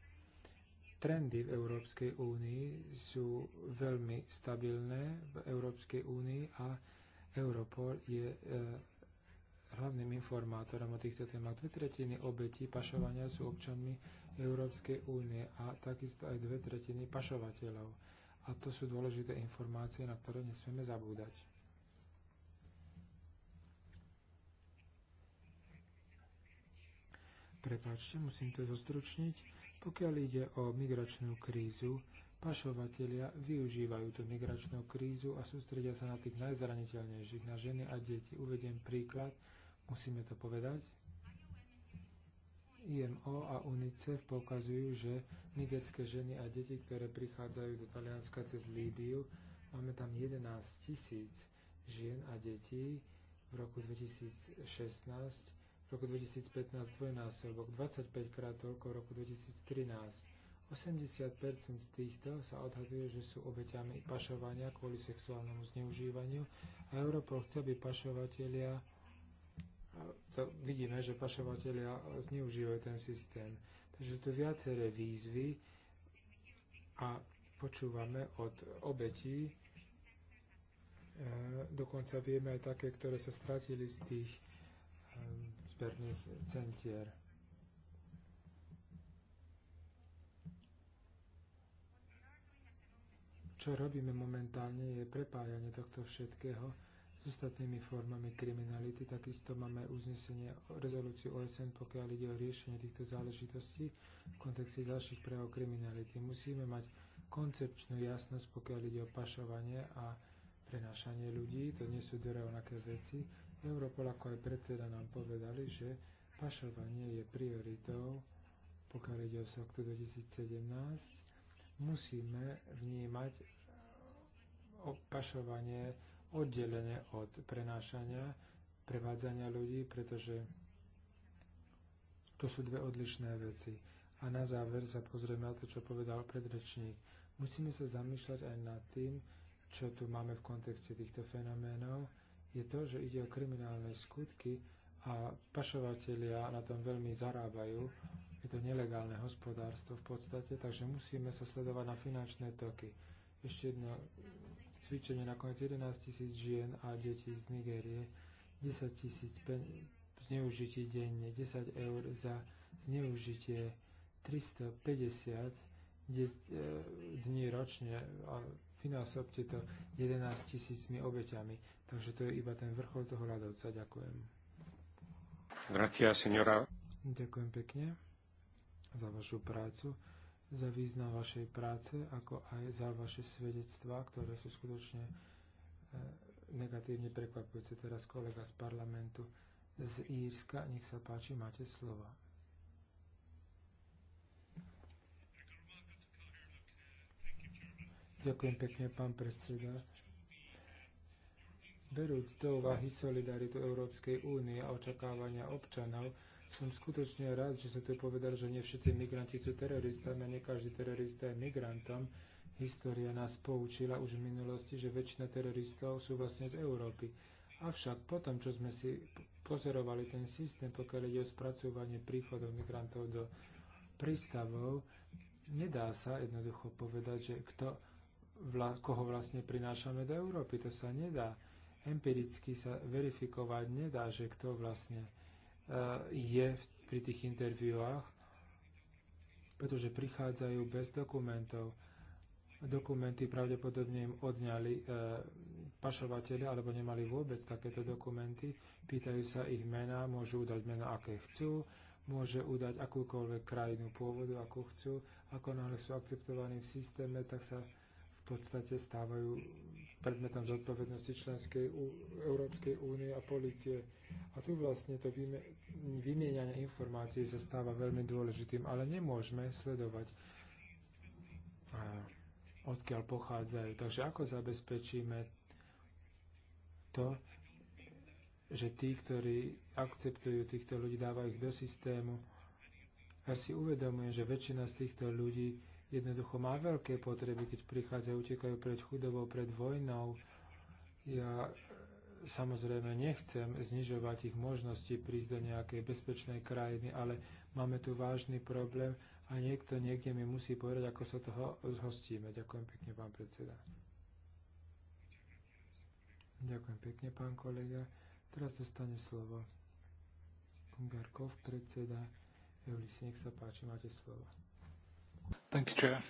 trendy v Európskej únii sú veľmi stabilné v Európskej únii a Europol je e, hlavným informátorom o týchto témach. Dve tretiny obetí pašovania sú občanmi Európskej únie a takisto aj dve tretiny pašovateľov. A to sú dôležité informácie, na ktoré nesmieme zabúdať. Prepáčte, musím to zostručniť. Pokiaľ ide o migračnú krízu, pašovatelia využívajú tú migračnú krízu a sústredia sa na tých najzraniteľnejších, na ženy a deti. Uvediem príklad, musíme to povedať. IMO a UNICEF poukazujú, že nigerské ženy a deti, ktoré prichádzajú do Talianska cez Líbiu, máme tam 11 tisíc žien a detí v roku 2016 roku 2015 dvojnásobok, 25 krát toľko v roku 2013. 80% z týchto sa odhaduje, že sú obeťami pašovania kvôli sexuálnemu zneužívaniu a Europol chce, aby pašovatelia to vidíme, že pašovatelia zneužívajú ten systém. Takže tu viaceré výzvy a počúvame od obetí, e, dokonca vieme aj také, ktoré sa stratili z tých e, úperných centier. Čo robíme momentálne je prepájanie tohto všetkého s ostatnými formami kriminality. Takisto máme uznesenie rezolúciu OSN, pokiaľ ide o riešenie týchto záležitostí v kontexte ďalších prejav kriminality. Musíme mať koncepčnú jasnosť, pokiaľ ide o pašovanie a prenášanie ľudí. To nie sú dve rovnaké veci Europol ako aj predseda nám povedali, že pašovanie je prioritou, pokiaľ ide o SOCTU 2017. Musíme vnímať pašovanie oddelené od prenášania, prevádzania ľudí, pretože to sú dve odlišné veci. A na záver sa pozrieme na to, čo povedal predrečník. Musíme sa zamýšľať aj nad tým, čo tu máme v kontexte týchto fenoménov je to, že ide o kriminálne skutky a pašovatelia na tom veľmi zarábajú. Je to nelegálne hospodárstvo v podstate, takže musíme sa sledovať na finančné toky. Ešte jedno cvičenie, nakoniec 11 tisíc žien a detí z Nigérie, 10 tisíc zneužití denne, 10 eur za zneužitie 350 eh, dní ročne vynásobte to 11 tisícmi obeťami. Takže to je iba ten vrchol toho ľadovca. Ďakujem. Gratia, senora. Ďakujem pekne za vašu prácu, za význam vašej práce, ako aj za vaše svedectvá, ktoré sú skutočne e, negatívne prekvapujúce. Teraz kolega z parlamentu z Írska, nech sa páči, máte slova. Ďakujem pekne, pán predseda. Berúc do úvahy solidaritu Európskej únie a očakávania občanov, som skutočne rád, že sa tu povedal, že nie všetci migranti sú teroristami a nie každý terorista je migrantom. História nás poučila už v minulosti, že väčšina teroristov sú vlastne z Európy. Avšak potom, čo sme si pozorovali ten systém, pokiaľ ide o spracúvanie príchodov migrantov do prístavov, nedá sa jednoducho povedať, že kto vla, koho vlastne prinášame do Európy. To sa nedá. Empiricky sa verifikovať nedá, že kto vlastne uh, je v, pri tých interviuách, pretože prichádzajú bez dokumentov. Dokumenty pravdepodobne im odňali e, pašovateľe alebo nemali vôbec takéto dokumenty. Pýtajú sa ich mená, môžu udať mená, aké chcú, môže udať akúkoľvek krajinu pôvodu, ako chcú. Ako náhle sú akceptovaní v systéme, tak sa podstate stávajú predmetom zodpovednosti členskej Európskej únie a policie. A tu vlastne to vymieňanie informácií sa stáva veľmi dôležitým, ale nemôžeme sledovať, odkiaľ pochádzajú. Takže ako zabezpečíme to, že tí, ktorí akceptujú týchto ľudí, dávajú ich do systému. Ja si uvedomujem, že väčšina z týchto ľudí jednoducho má veľké potreby, keď prichádzajú, utekajú pred chudobou, pred vojnou. Ja samozrejme nechcem znižovať ich možnosti prísť do nejakej bezpečnej krajiny, ale máme tu vážny problém a niekto niekde mi musí povedať, ako sa toho zhostíme. Ďakujem pekne, pán predseda. Ďakujem pekne, pán kolega. Teraz dostane slovo Kungarkov, predseda Eulis, nech sa páči, máte slovo. Thank you, Chair.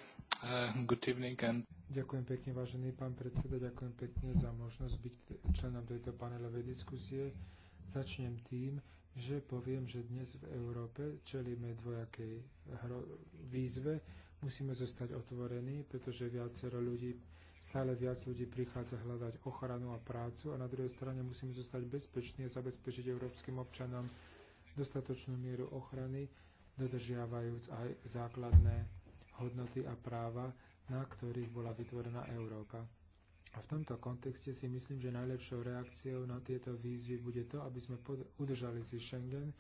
Uh, good evening and... Ďakujem pekne, vážený pán predseda, ďakujem pekne za možnosť byť členom tejto panelovej diskusie. Začnem tým, že poviem, že dnes v Európe čelíme dvojakej výzve. Musíme zostať otvorení, pretože viacero ľudí, stále viac ľudí prichádza hľadať ochranu a prácu a na druhej strane musíme zostať bezpeční a zabezpečiť európskym občanom dostatočnú mieru ochrany, dodržiavajúc aj základné hodnoty a práva, na ktorých bola vytvorená Európa. A v tomto kontexte si myslím, že najlepšou reakciou na tieto výzvy bude to, aby sme udržali si Schengen,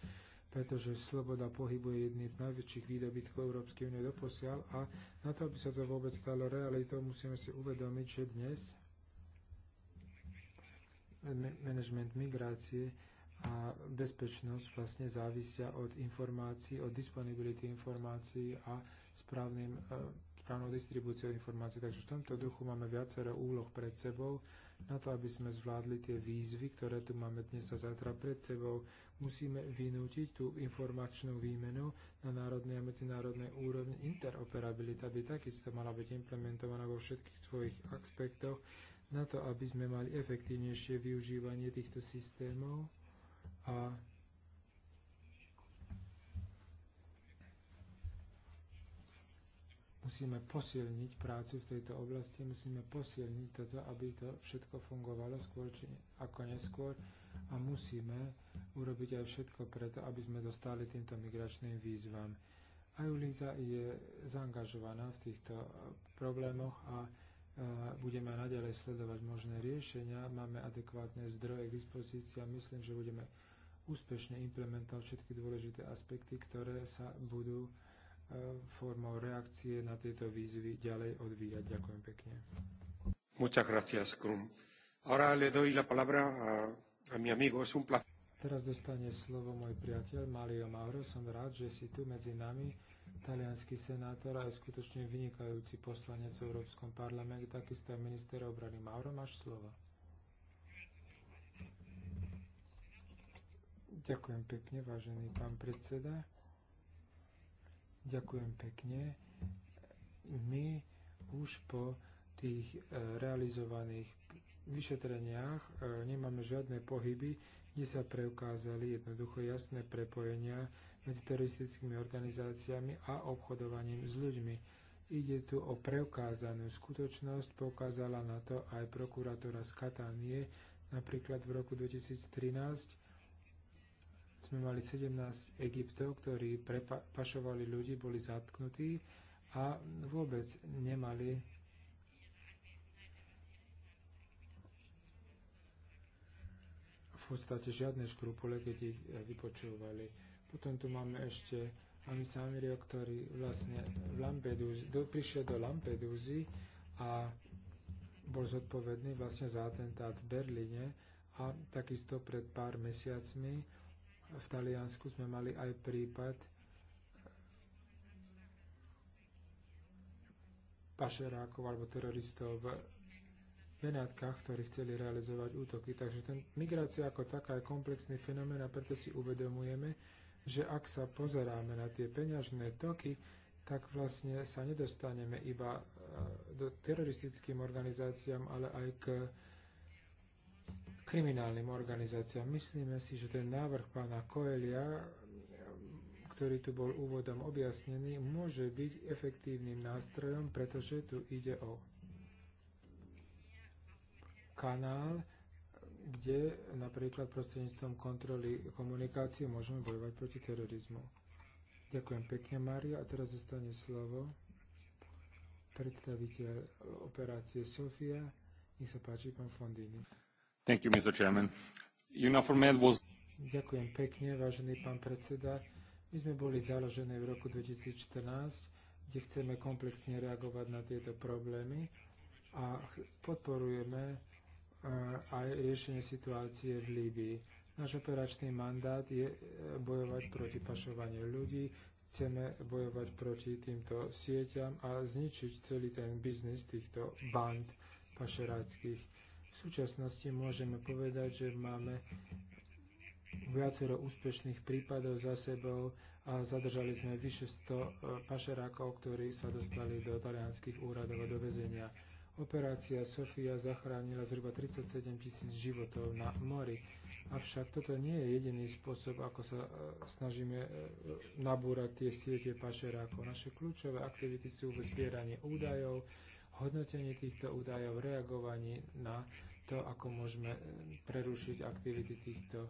pretože sloboda pohybu je jedným z najväčších výdobytkov Európskej únie doposiaľ a na to, aby sa to vôbec stalo realitou, musíme si uvedomiť, že dnes management migrácie a bezpečnosť vlastne závisia od informácií, od disponibility informácií a správnym, e, správnou distribúciou informácií. Takže v tomto duchu máme viacero úloh pred sebou. Na to, aby sme zvládli tie výzvy, ktoré tu máme dnes a zajtra pred sebou, musíme vynútiť tú informačnú výmenu na národnej a medzinárodnej úrovni. Interoperabilita by takisto mala byť implementovaná vo všetkých svojich aspektoch na to, aby sme mali efektívnejšie využívanie týchto systémov a musíme posilniť prácu v tejto oblasti, musíme posilniť toto, aby to všetko fungovalo skôr či ako neskôr a musíme urobiť aj všetko preto, aby sme dostali týmto migračným výzvam. Ajulíza je zaangažovaná v týchto eh, problémoch a eh, budeme naďalej sledovať možné riešenia, máme adekvátne zdroje k dispozícii a myslím, že budeme úspešne implementovať všetky dôležité aspekty, ktoré sa budú formou reakcie na tieto výzvy ďalej odvíjať. Ďakujem pekne. Muchas gracias, Krum. Ahora le doy la palabra a, a mi amigo. Es un placer. Teraz dostane slovo môj priateľ Mario Mauro. Som rád, že si tu medzi nami. Talianský senátor a je skutočne vynikajúci poslanec v Európskom parlamente, takisto aj minister obrany. Mauro, máš slovo. Ďakujem pekne, vážený pán predseda. Ďakujem pekne. My už po tých e, realizovaných vyšetreniach e, nemáme žiadne pohyby, kde sa preukázali jednoducho jasné prepojenia medzi teroristickými organizáciami a obchodovaním s ľuďmi. Ide tu o preukázanú skutočnosť, poukázala na to aj prokurátora z Katánie, napríklad v roku 2013 sme mali 17 Egyptov, ktorí prepašovali ľudí, boli zatknutí a vôbec nemali v podstate žiadne škrupule, keď ich vypočúvali. Potom tu máme ešte Amisamiro, ktorý vlastne v Lampedúzi, do, prišiel do Lampedúzy a bol zodpovedný vlastne za atentát v Berlíne a takisto pred pár mesiacmi v Taliansku sme mali aj prípad eh, pašerákov alebo teroristov v Benátkach, ktorí chceli realizovať útoky. Takže ten, migrácia ako taká je komplexný fenomén a preto si uvedomujeme, že ak sa pozeráme na tie peňažné toky, tak vlastne sa nedostaneme iba eh, do teroristickým organizáciám, ale aj k kriminálnym organizáciám. Myslíme si, že ten návrh pána Koelia, ktorý tu bol úvodom objasnený, môže byť efektívnym nástrojom, pretože tu ide o kanál, kde napríklad prostredníctvom kontroly komunikácie môžeme bojovať proti terorizmu. Ďakujem pekne, Mária. A teraz zostane slovo predstaviteľ operácie Sofia. Nech sa páči, pán Fondini. Thank you, Mr. Chairman. was... Ďakujem pekne, vážený pán predseda. My sme boli založené v roku 2014, kde chceme komplexne reagovať na tieto problémy a podporujeme aj riešenie situácie v Líbii. Náš operačný mandát je e, bojovať proti pašovaniu ľudí, chceme bojovať proti týmto sieťam a zničiť celý ten biznis týchto band pašeráckých. V súčasnosti môžeme povedať, že máme viacero úspešných prípadov za sebou a zadržali sme vyše 100 e, pašerákov, ktorí sa dostali do talianských úradov a do vezenia. Operácia Sofia zachránila zhruba 37 tisíc životov na mori. Avšak toto nie je jediný spôsob, ako sa e, snažíme e, nabúrať tie siete pašerákov. Naše kľúčové aktivity sú v zbieraní údajov, hodnotenie týchto údajov, reagovanie na to, ako môžeme e, prerušiť aktivity týchto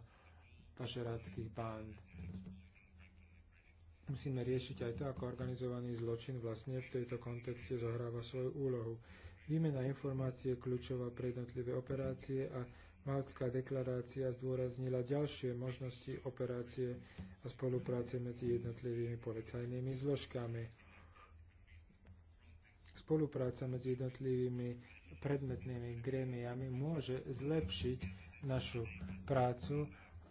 pašeráckých band. Musíme riešiť aj to, ako organizovaný zločin vlastne v tejto kontexte zohráva svoju úlohu. Výmena informácie je kľúčová pre jednotlivé operácie a Malcká deklarácia zdôraznila ďalšie možnosti operácie a spolupráce medzi jednotlivými policajnými zložkami spolupráca medzi jednotlivými predmetnými grémiami môže zlepšiť našu prácu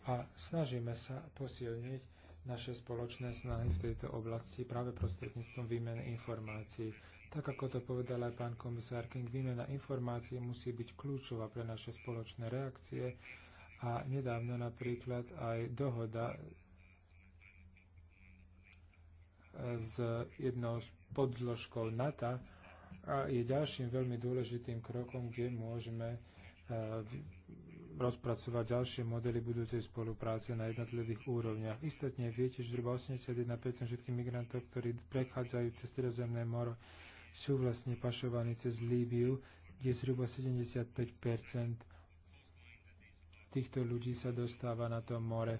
a snažíme sa posilniť naše spoločné snahy v tejto oblasti práve prostredníctvom výmeny informácií. Tak ako to povedal aj pán komisár King, výmena informácií musí byť kľúčová pre naše spoločné reakcie a nedávno napríklad aj dohoda eh, s jednou z podložkou NATO a je ďalším veľmi dôležitým krokom, kde môžeme e, rozpracovať ďalšie modely budúcej spolupráce na jednotlivých úrovniach. Istotne viete, že zhruba 81% všetkých migrantov, ktorí prechádzajú cez Stredozemné more, sú vlastne pašovaní cez Líbiu, kde zhruba 75% týchto ľudí sa dostáva na to more e,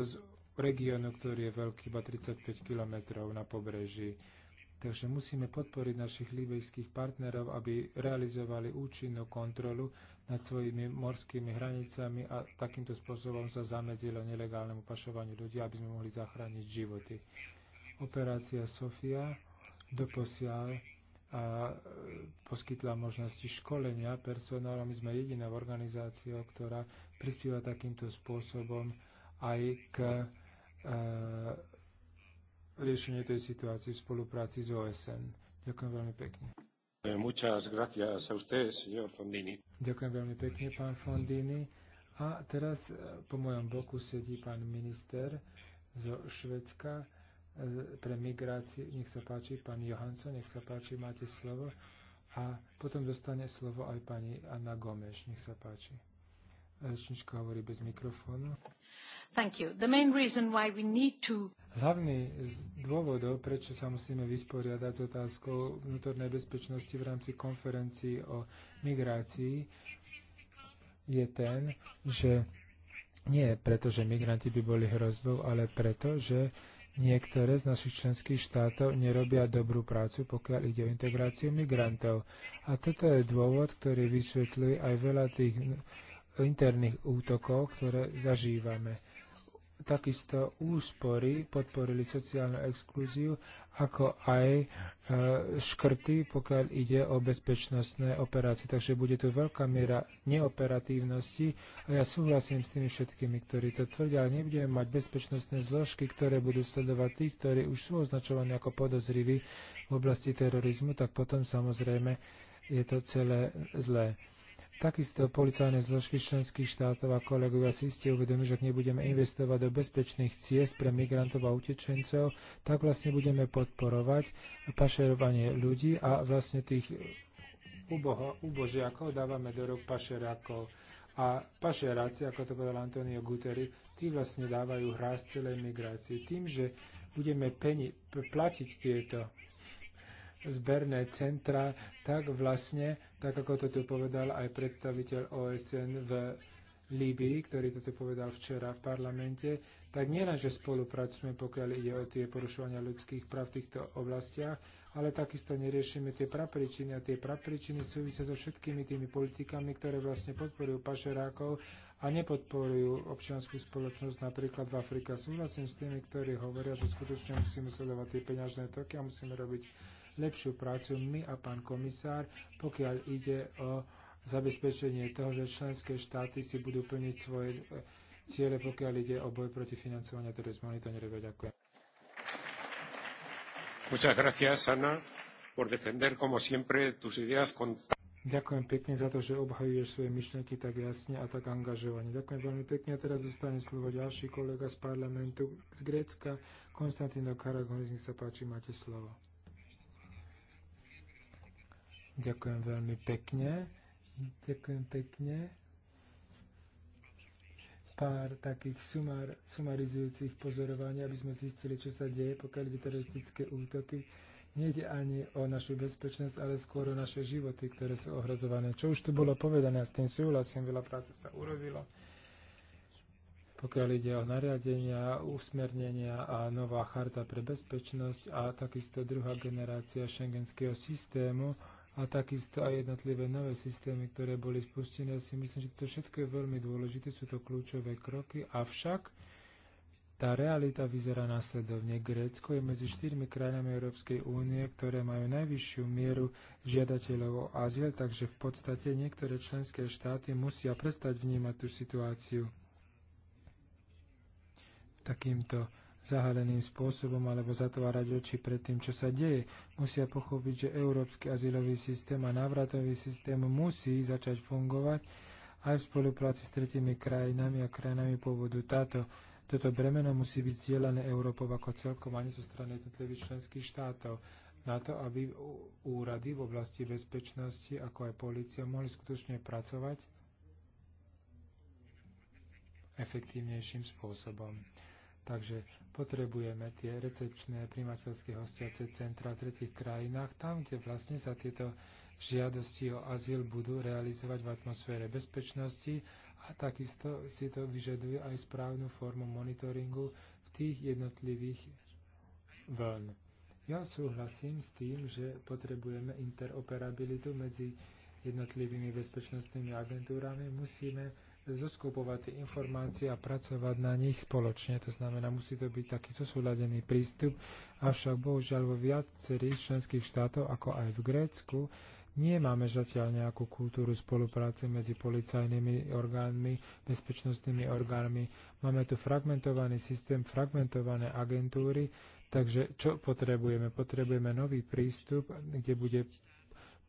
z regiónu, ktorý je veľký iba 35 kilometrov na pobreží. Takže musíme podporiť našich líbejských partnerov, aby realizovali účinnú kontrolu nad svojimi morskými hranicami a takýmto spôsobom sa zamedzilo nelegálnemu pašovaniu ľudí, aby sme mohli zachrániť životy. Operácia Sofia doposiaľ a e, poskytla možnosti školenia personálom. My sme jediná organizácia, ktorá prispieva takýmto spôsobom aj k e, riešenie tej situácie v spolupráci s OSN. Ďakujem veľmi pekne. Eh, muchas gracias a usted, señor Fondini. Ďakujem veľmi pekne, pán Fondini. A teraz eh, po mojom boku sedí pán minister zo Švedska eh, pre migráciu. Nech sa páči, pán Johansson, nech sa páči, máte slovo. A potom dostane slovo aj pani Anna Gomeš. Nech sa páči. Rečnička hovorí bez mikrofónu. Thank you. The main reason why we need to... Hlavný z dôvodov, prečo sa musíme vysporiadať s otázkou vnútornej bezpečnosti v rámci konferencií o migrácii, je ten, že nie preto, že migranti by boli hrozbou, ale preto, že Niektoré z našich členských štátov nerobia dobrú prácu, pokiaľ ide o integráciu migrantov. A toto je dôvod, ktorý vysvetľuje aj veľa tých interných útokov, ktoré zažívame. Takisto úspory podporili sociálnu exkluziu, ako aj e, škrty, pokiaľ ide o bezpečnostné operácie. Takže bude tu veľká miera neoperatívnosti a ja súhlasím s tými všetkými, ktorí to tvrdia, ale nebudeme mať bezpečnostné zložky, ktoré budú sledovať tých, ktorí už sú označovaní ako podozriví v oblasti terorizmu, tak potom samozrejme je to celé zlé. Takisto policajné zložky členských štátov a kolegovia si ste uvedomili, že ak nebudeme investovať do bezpečných ciest pre migrantov a utečencov, tak vlastne budeme podporovať pašerovanie ľudí a vlastne tých uboho, ubožiakov dávame do rúk pašerákov. A pašeráci, ako to povedal Antonio Guterri, tí vlastne dávajú hráz celej migrácii. Tým, že budeme peni, platiť tieto zberné centra, tak vlastne, tak ako to tu povedal aj predstaviteľ OSN v Líbii, ktorý to tu povedal včera v parlamente, tak nielen, že spolupracujeme, pokiaľ ide o tie porušovania ľudských práv v týchto oblastiach, ale takisto neriešime tie prapričiny a tie prapričiny súvisia so všetkými tými politikami, ktoré vlastne podporujú pašerákov a nepodporujú občianskú spoločnosť napríklad v Afrike. Súhlasím s tými, ktorí hovoria, že skutočne musíme sledovať tie peňažné toky a musíme robiť lepšiu prácu my a pán komisár, pokiaľ ide o zabezpečenie toho, že členské štáty si budú plniť svoje e, ciele, pokiaľ ide o boj proti financovaniu terorizmu. Oni to nerobia. Ďakujem. Muchas gracias, Ana, por defender, como siempre, tus ideas con... Ďakujem pekne za to, že obhajuješ svoje myšlienky tak jasne a tak angažovane. Ďakujem veľmi pekne. A teraz dostane slovo ďalší kolega z parlamentu z Grécka, Konstantino Karagonis. Nech sa páči, máte slovo. Ďakujem veľmi pekne. Ďakujem pekne. Pár takých sumar, sumarizujúcich pozorovaní, aby sme zistili, čo sa deje, pokiaľ ide teroristické útoky. Nejde ani o našu bezpečnosť, ale skôr o naše životy, ktoré sú ohrozované. Čo už tu bolo povedané, s tým súhlasím, veľa práce sa urobilo pokiaľ ide o nariadenia, usmernenia a nová charta pre bezpečnosť a takisto druhá generácia šengenského systému a takisto aj jednotlivé nové systémy, ktoré boli spustené. Ja si myslím, že to všetko je veľmi dôležité, sú to kľúčové kroky, avšak tá realita vyzerá následovne. Grécko je medzi štyrmi krajinami Európskej únie, ktoré majú najvyššiu mieru žiadateľov o azyl, takže v podstate niektoré členské štáty musia prestať vnímať tú situáciu takýmto zahaleným spôsobom alebo zatvárať oči pred tým, čo sa deje. Musia pochopiť, že európsky azylový systém a návratový systém musí začať fungovať aj v spolupráci s tretimi krajinami a krajinami pôvodu. Táto, toto bremeno musí byť zdieľané Európou ako celkom ani zo strany jednotlivých členských štátov na to, aby úrady v oblasti bezpečnosti, ako aj policia, mohli skutočne pracovať efektívnejším spôsobom. Takže potrebujeme tie recepčné primateľské hostiace centra v tretich krajinách, tam, kde vlastne sa tieto žiadosti o azyl budú realizovať v atmosfére bezpečnosti a takisto si to vyžaduje aj správnu formu monitoringu v tých jednotlivých vln. Ja súhlasím s tým, že potrebujeme interoperabilitu medzi jednotlivými bezpečnostnými agentúrami. Musíme zoskupovať tie informácie a pracovať na nich spoločne. To znamená, musí to byť taký zosúladený prístup, avšak bohužiaľ vo viacerých členských štátoch, ako aj v Grécku, nemáme zatiaľ nejakú kultúru spolupráce medzi policajnými orgánmi, bezpečnostnými orgánmi. Máme tu fragmentovaný systém, fragmentované agentúry, takže čo potrebujeme? Potrebujeme nový prístup, kde bude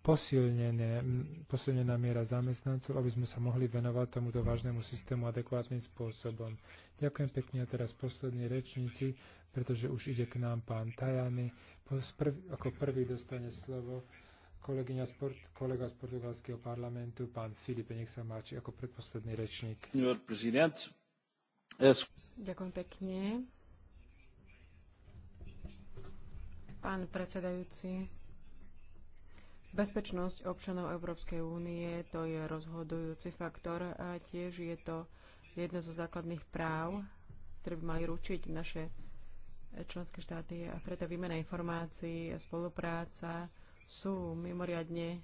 posilnená miera zamestnancov, aby sme sa mohli venovať tomuto vážnemu systému adekvátnym spôsobom. Ďakujem pekne a teraz poslední rečníci, pretože už ide k nám pán Tajany. Prv, ako prvý dostane slovo kolegyňa sport, kolega z portugalského parlamentu, pán Filipe, nech sa máči ako predposledný rečník. Ďakujem pekne. Pán predsedajúci, Bezpečnosť občanov Európskej únie to je rozhodujúci faktor a tiež je to jedno zo základných práv, ktoré by mali ručiť naše členské štáty a preto výmena informácií a spolupráca sú mimoriadne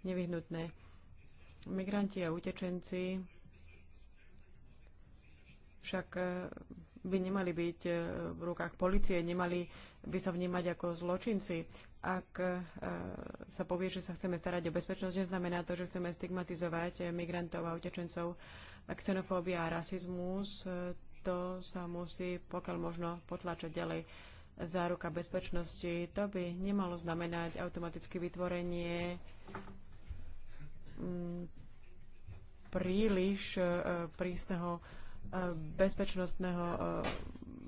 nevyhnutné. Migranti a utečenci však eh, by nemali byť eh, v rukách policie, nemali by sa vnímať ako zločinci ak e, sa povie, že sa chceme starať o bezpečnosť, neznamená to, že chceme stigmatizovať migrantov a utečencov. Xenofóbia a rasizmus, e, to sa musí pokiaľ možno potlačať ďalej. Záruka bezpečnosti, to by nemalo znamenať automaticky vytvorenie mm, príliš e, prísneho bezpečnostného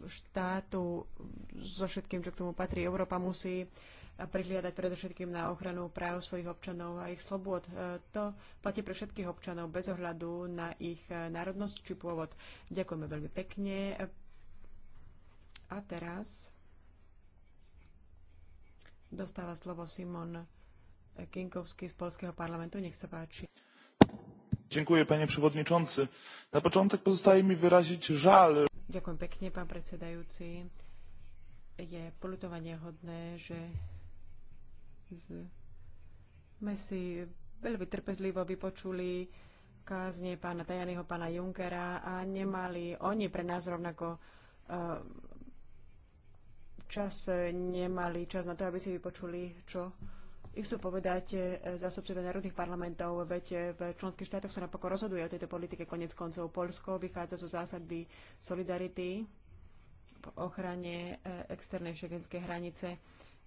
štátu so všetkým, čo k tomu patrí. Európa musí prihliadať predovšetkým na ochranu práv svojich občanov a ich slobôd. E, to platí pre všetkých občanov bez ohľadu na ich e, národnosť či pôvod. Ďakujeme veľmi pekne. A teraz dostáva slovo Simon Kinkovský z Polského parlamentu. Nech sa páči. Dziękuję, panie przewodniczący. Na początek pozostaje mi wyrazić żal. Ďakujem pekne, pán predsedajúci. Je polutovanie hodné, že sme si veľmi trpezlivo vypočuli kázne pána Tajanyho, pána Junkera a nemali oni pre nás rovnako eh, čas, nemali čas na to, aby si vypočuli, čo ich chcú povedať eh, zástupcovia národných parlamentov, veď eh, v členských štátoch sa napokon rozhoduje o tejto politike konec koncov. Polsko vychádza zo zásady solidarity v ochrane externej šegenskej hranice.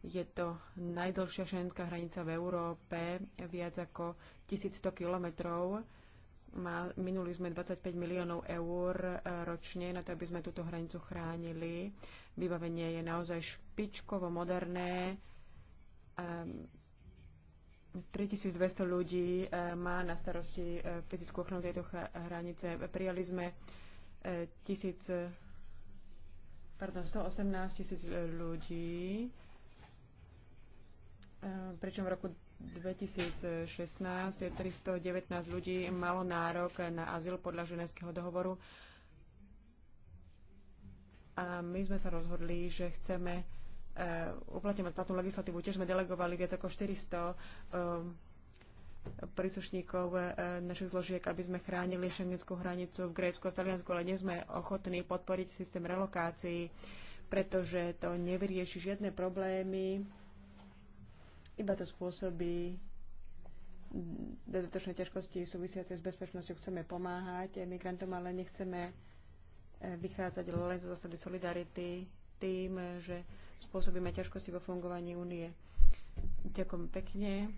Je to najdlhšia šenská hranica v Európe, viac ako 1100 kilometrov. Minuli sme 25 miliónov eur e, ročne na to, aby sme túto hranicu chránili. Vybavenie je naozaj špičkovo moderné. 3200 ehm, ľudí e, má na starosti e, fyzickú ochranu tejto hranice. Prijali sme 1000, pardon, 118 tisíc ľudí pričom v roku 2016 319 ľudí malo nárok na azyl podľa ženevského dohovoru. A my sme sa rozhodli, že chceme e, uplatňovať platnú legislatívu. Tiež sme delegovali viac ako 400 e, príslušníkov e, našich zložiek, aby sme chránili šengenskú hranicu v Grécku a v Taliansku, ale nie sme ochotní podporiť systém relokácií, pretože to nevyrieši žiadne problémy iba to spôsobí dodatočné ťažkosti súvisiace s bezpečnosťou. Chceme pomáhať migrantom, ale nechceme eh, vychádzať len zo zásady solidarity tým, že spôsobíme ťažkosti vo fungovaní únie. Ďakujem pekne.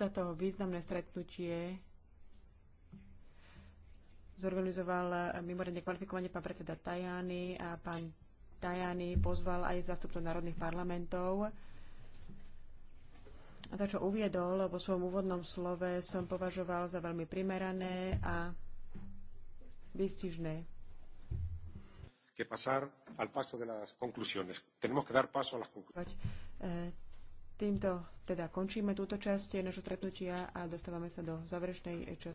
Toto významné stretnutie zorganizoval eh, mimoriadne kvalifikovanie pán predseda Tajany a pán Tajany pozval aj zastupcov národných parlamentov. A to, čo uviedol vo svojom úvodnom slove, som považoval za veľmi primerané a výstižné. Que pasar al paso de las conclusiones. Tenemos que dar paso a las conclusiones. Eh, týmto teda končíme túto časť našho stretnutia a dostávame sa do záverečnej časti.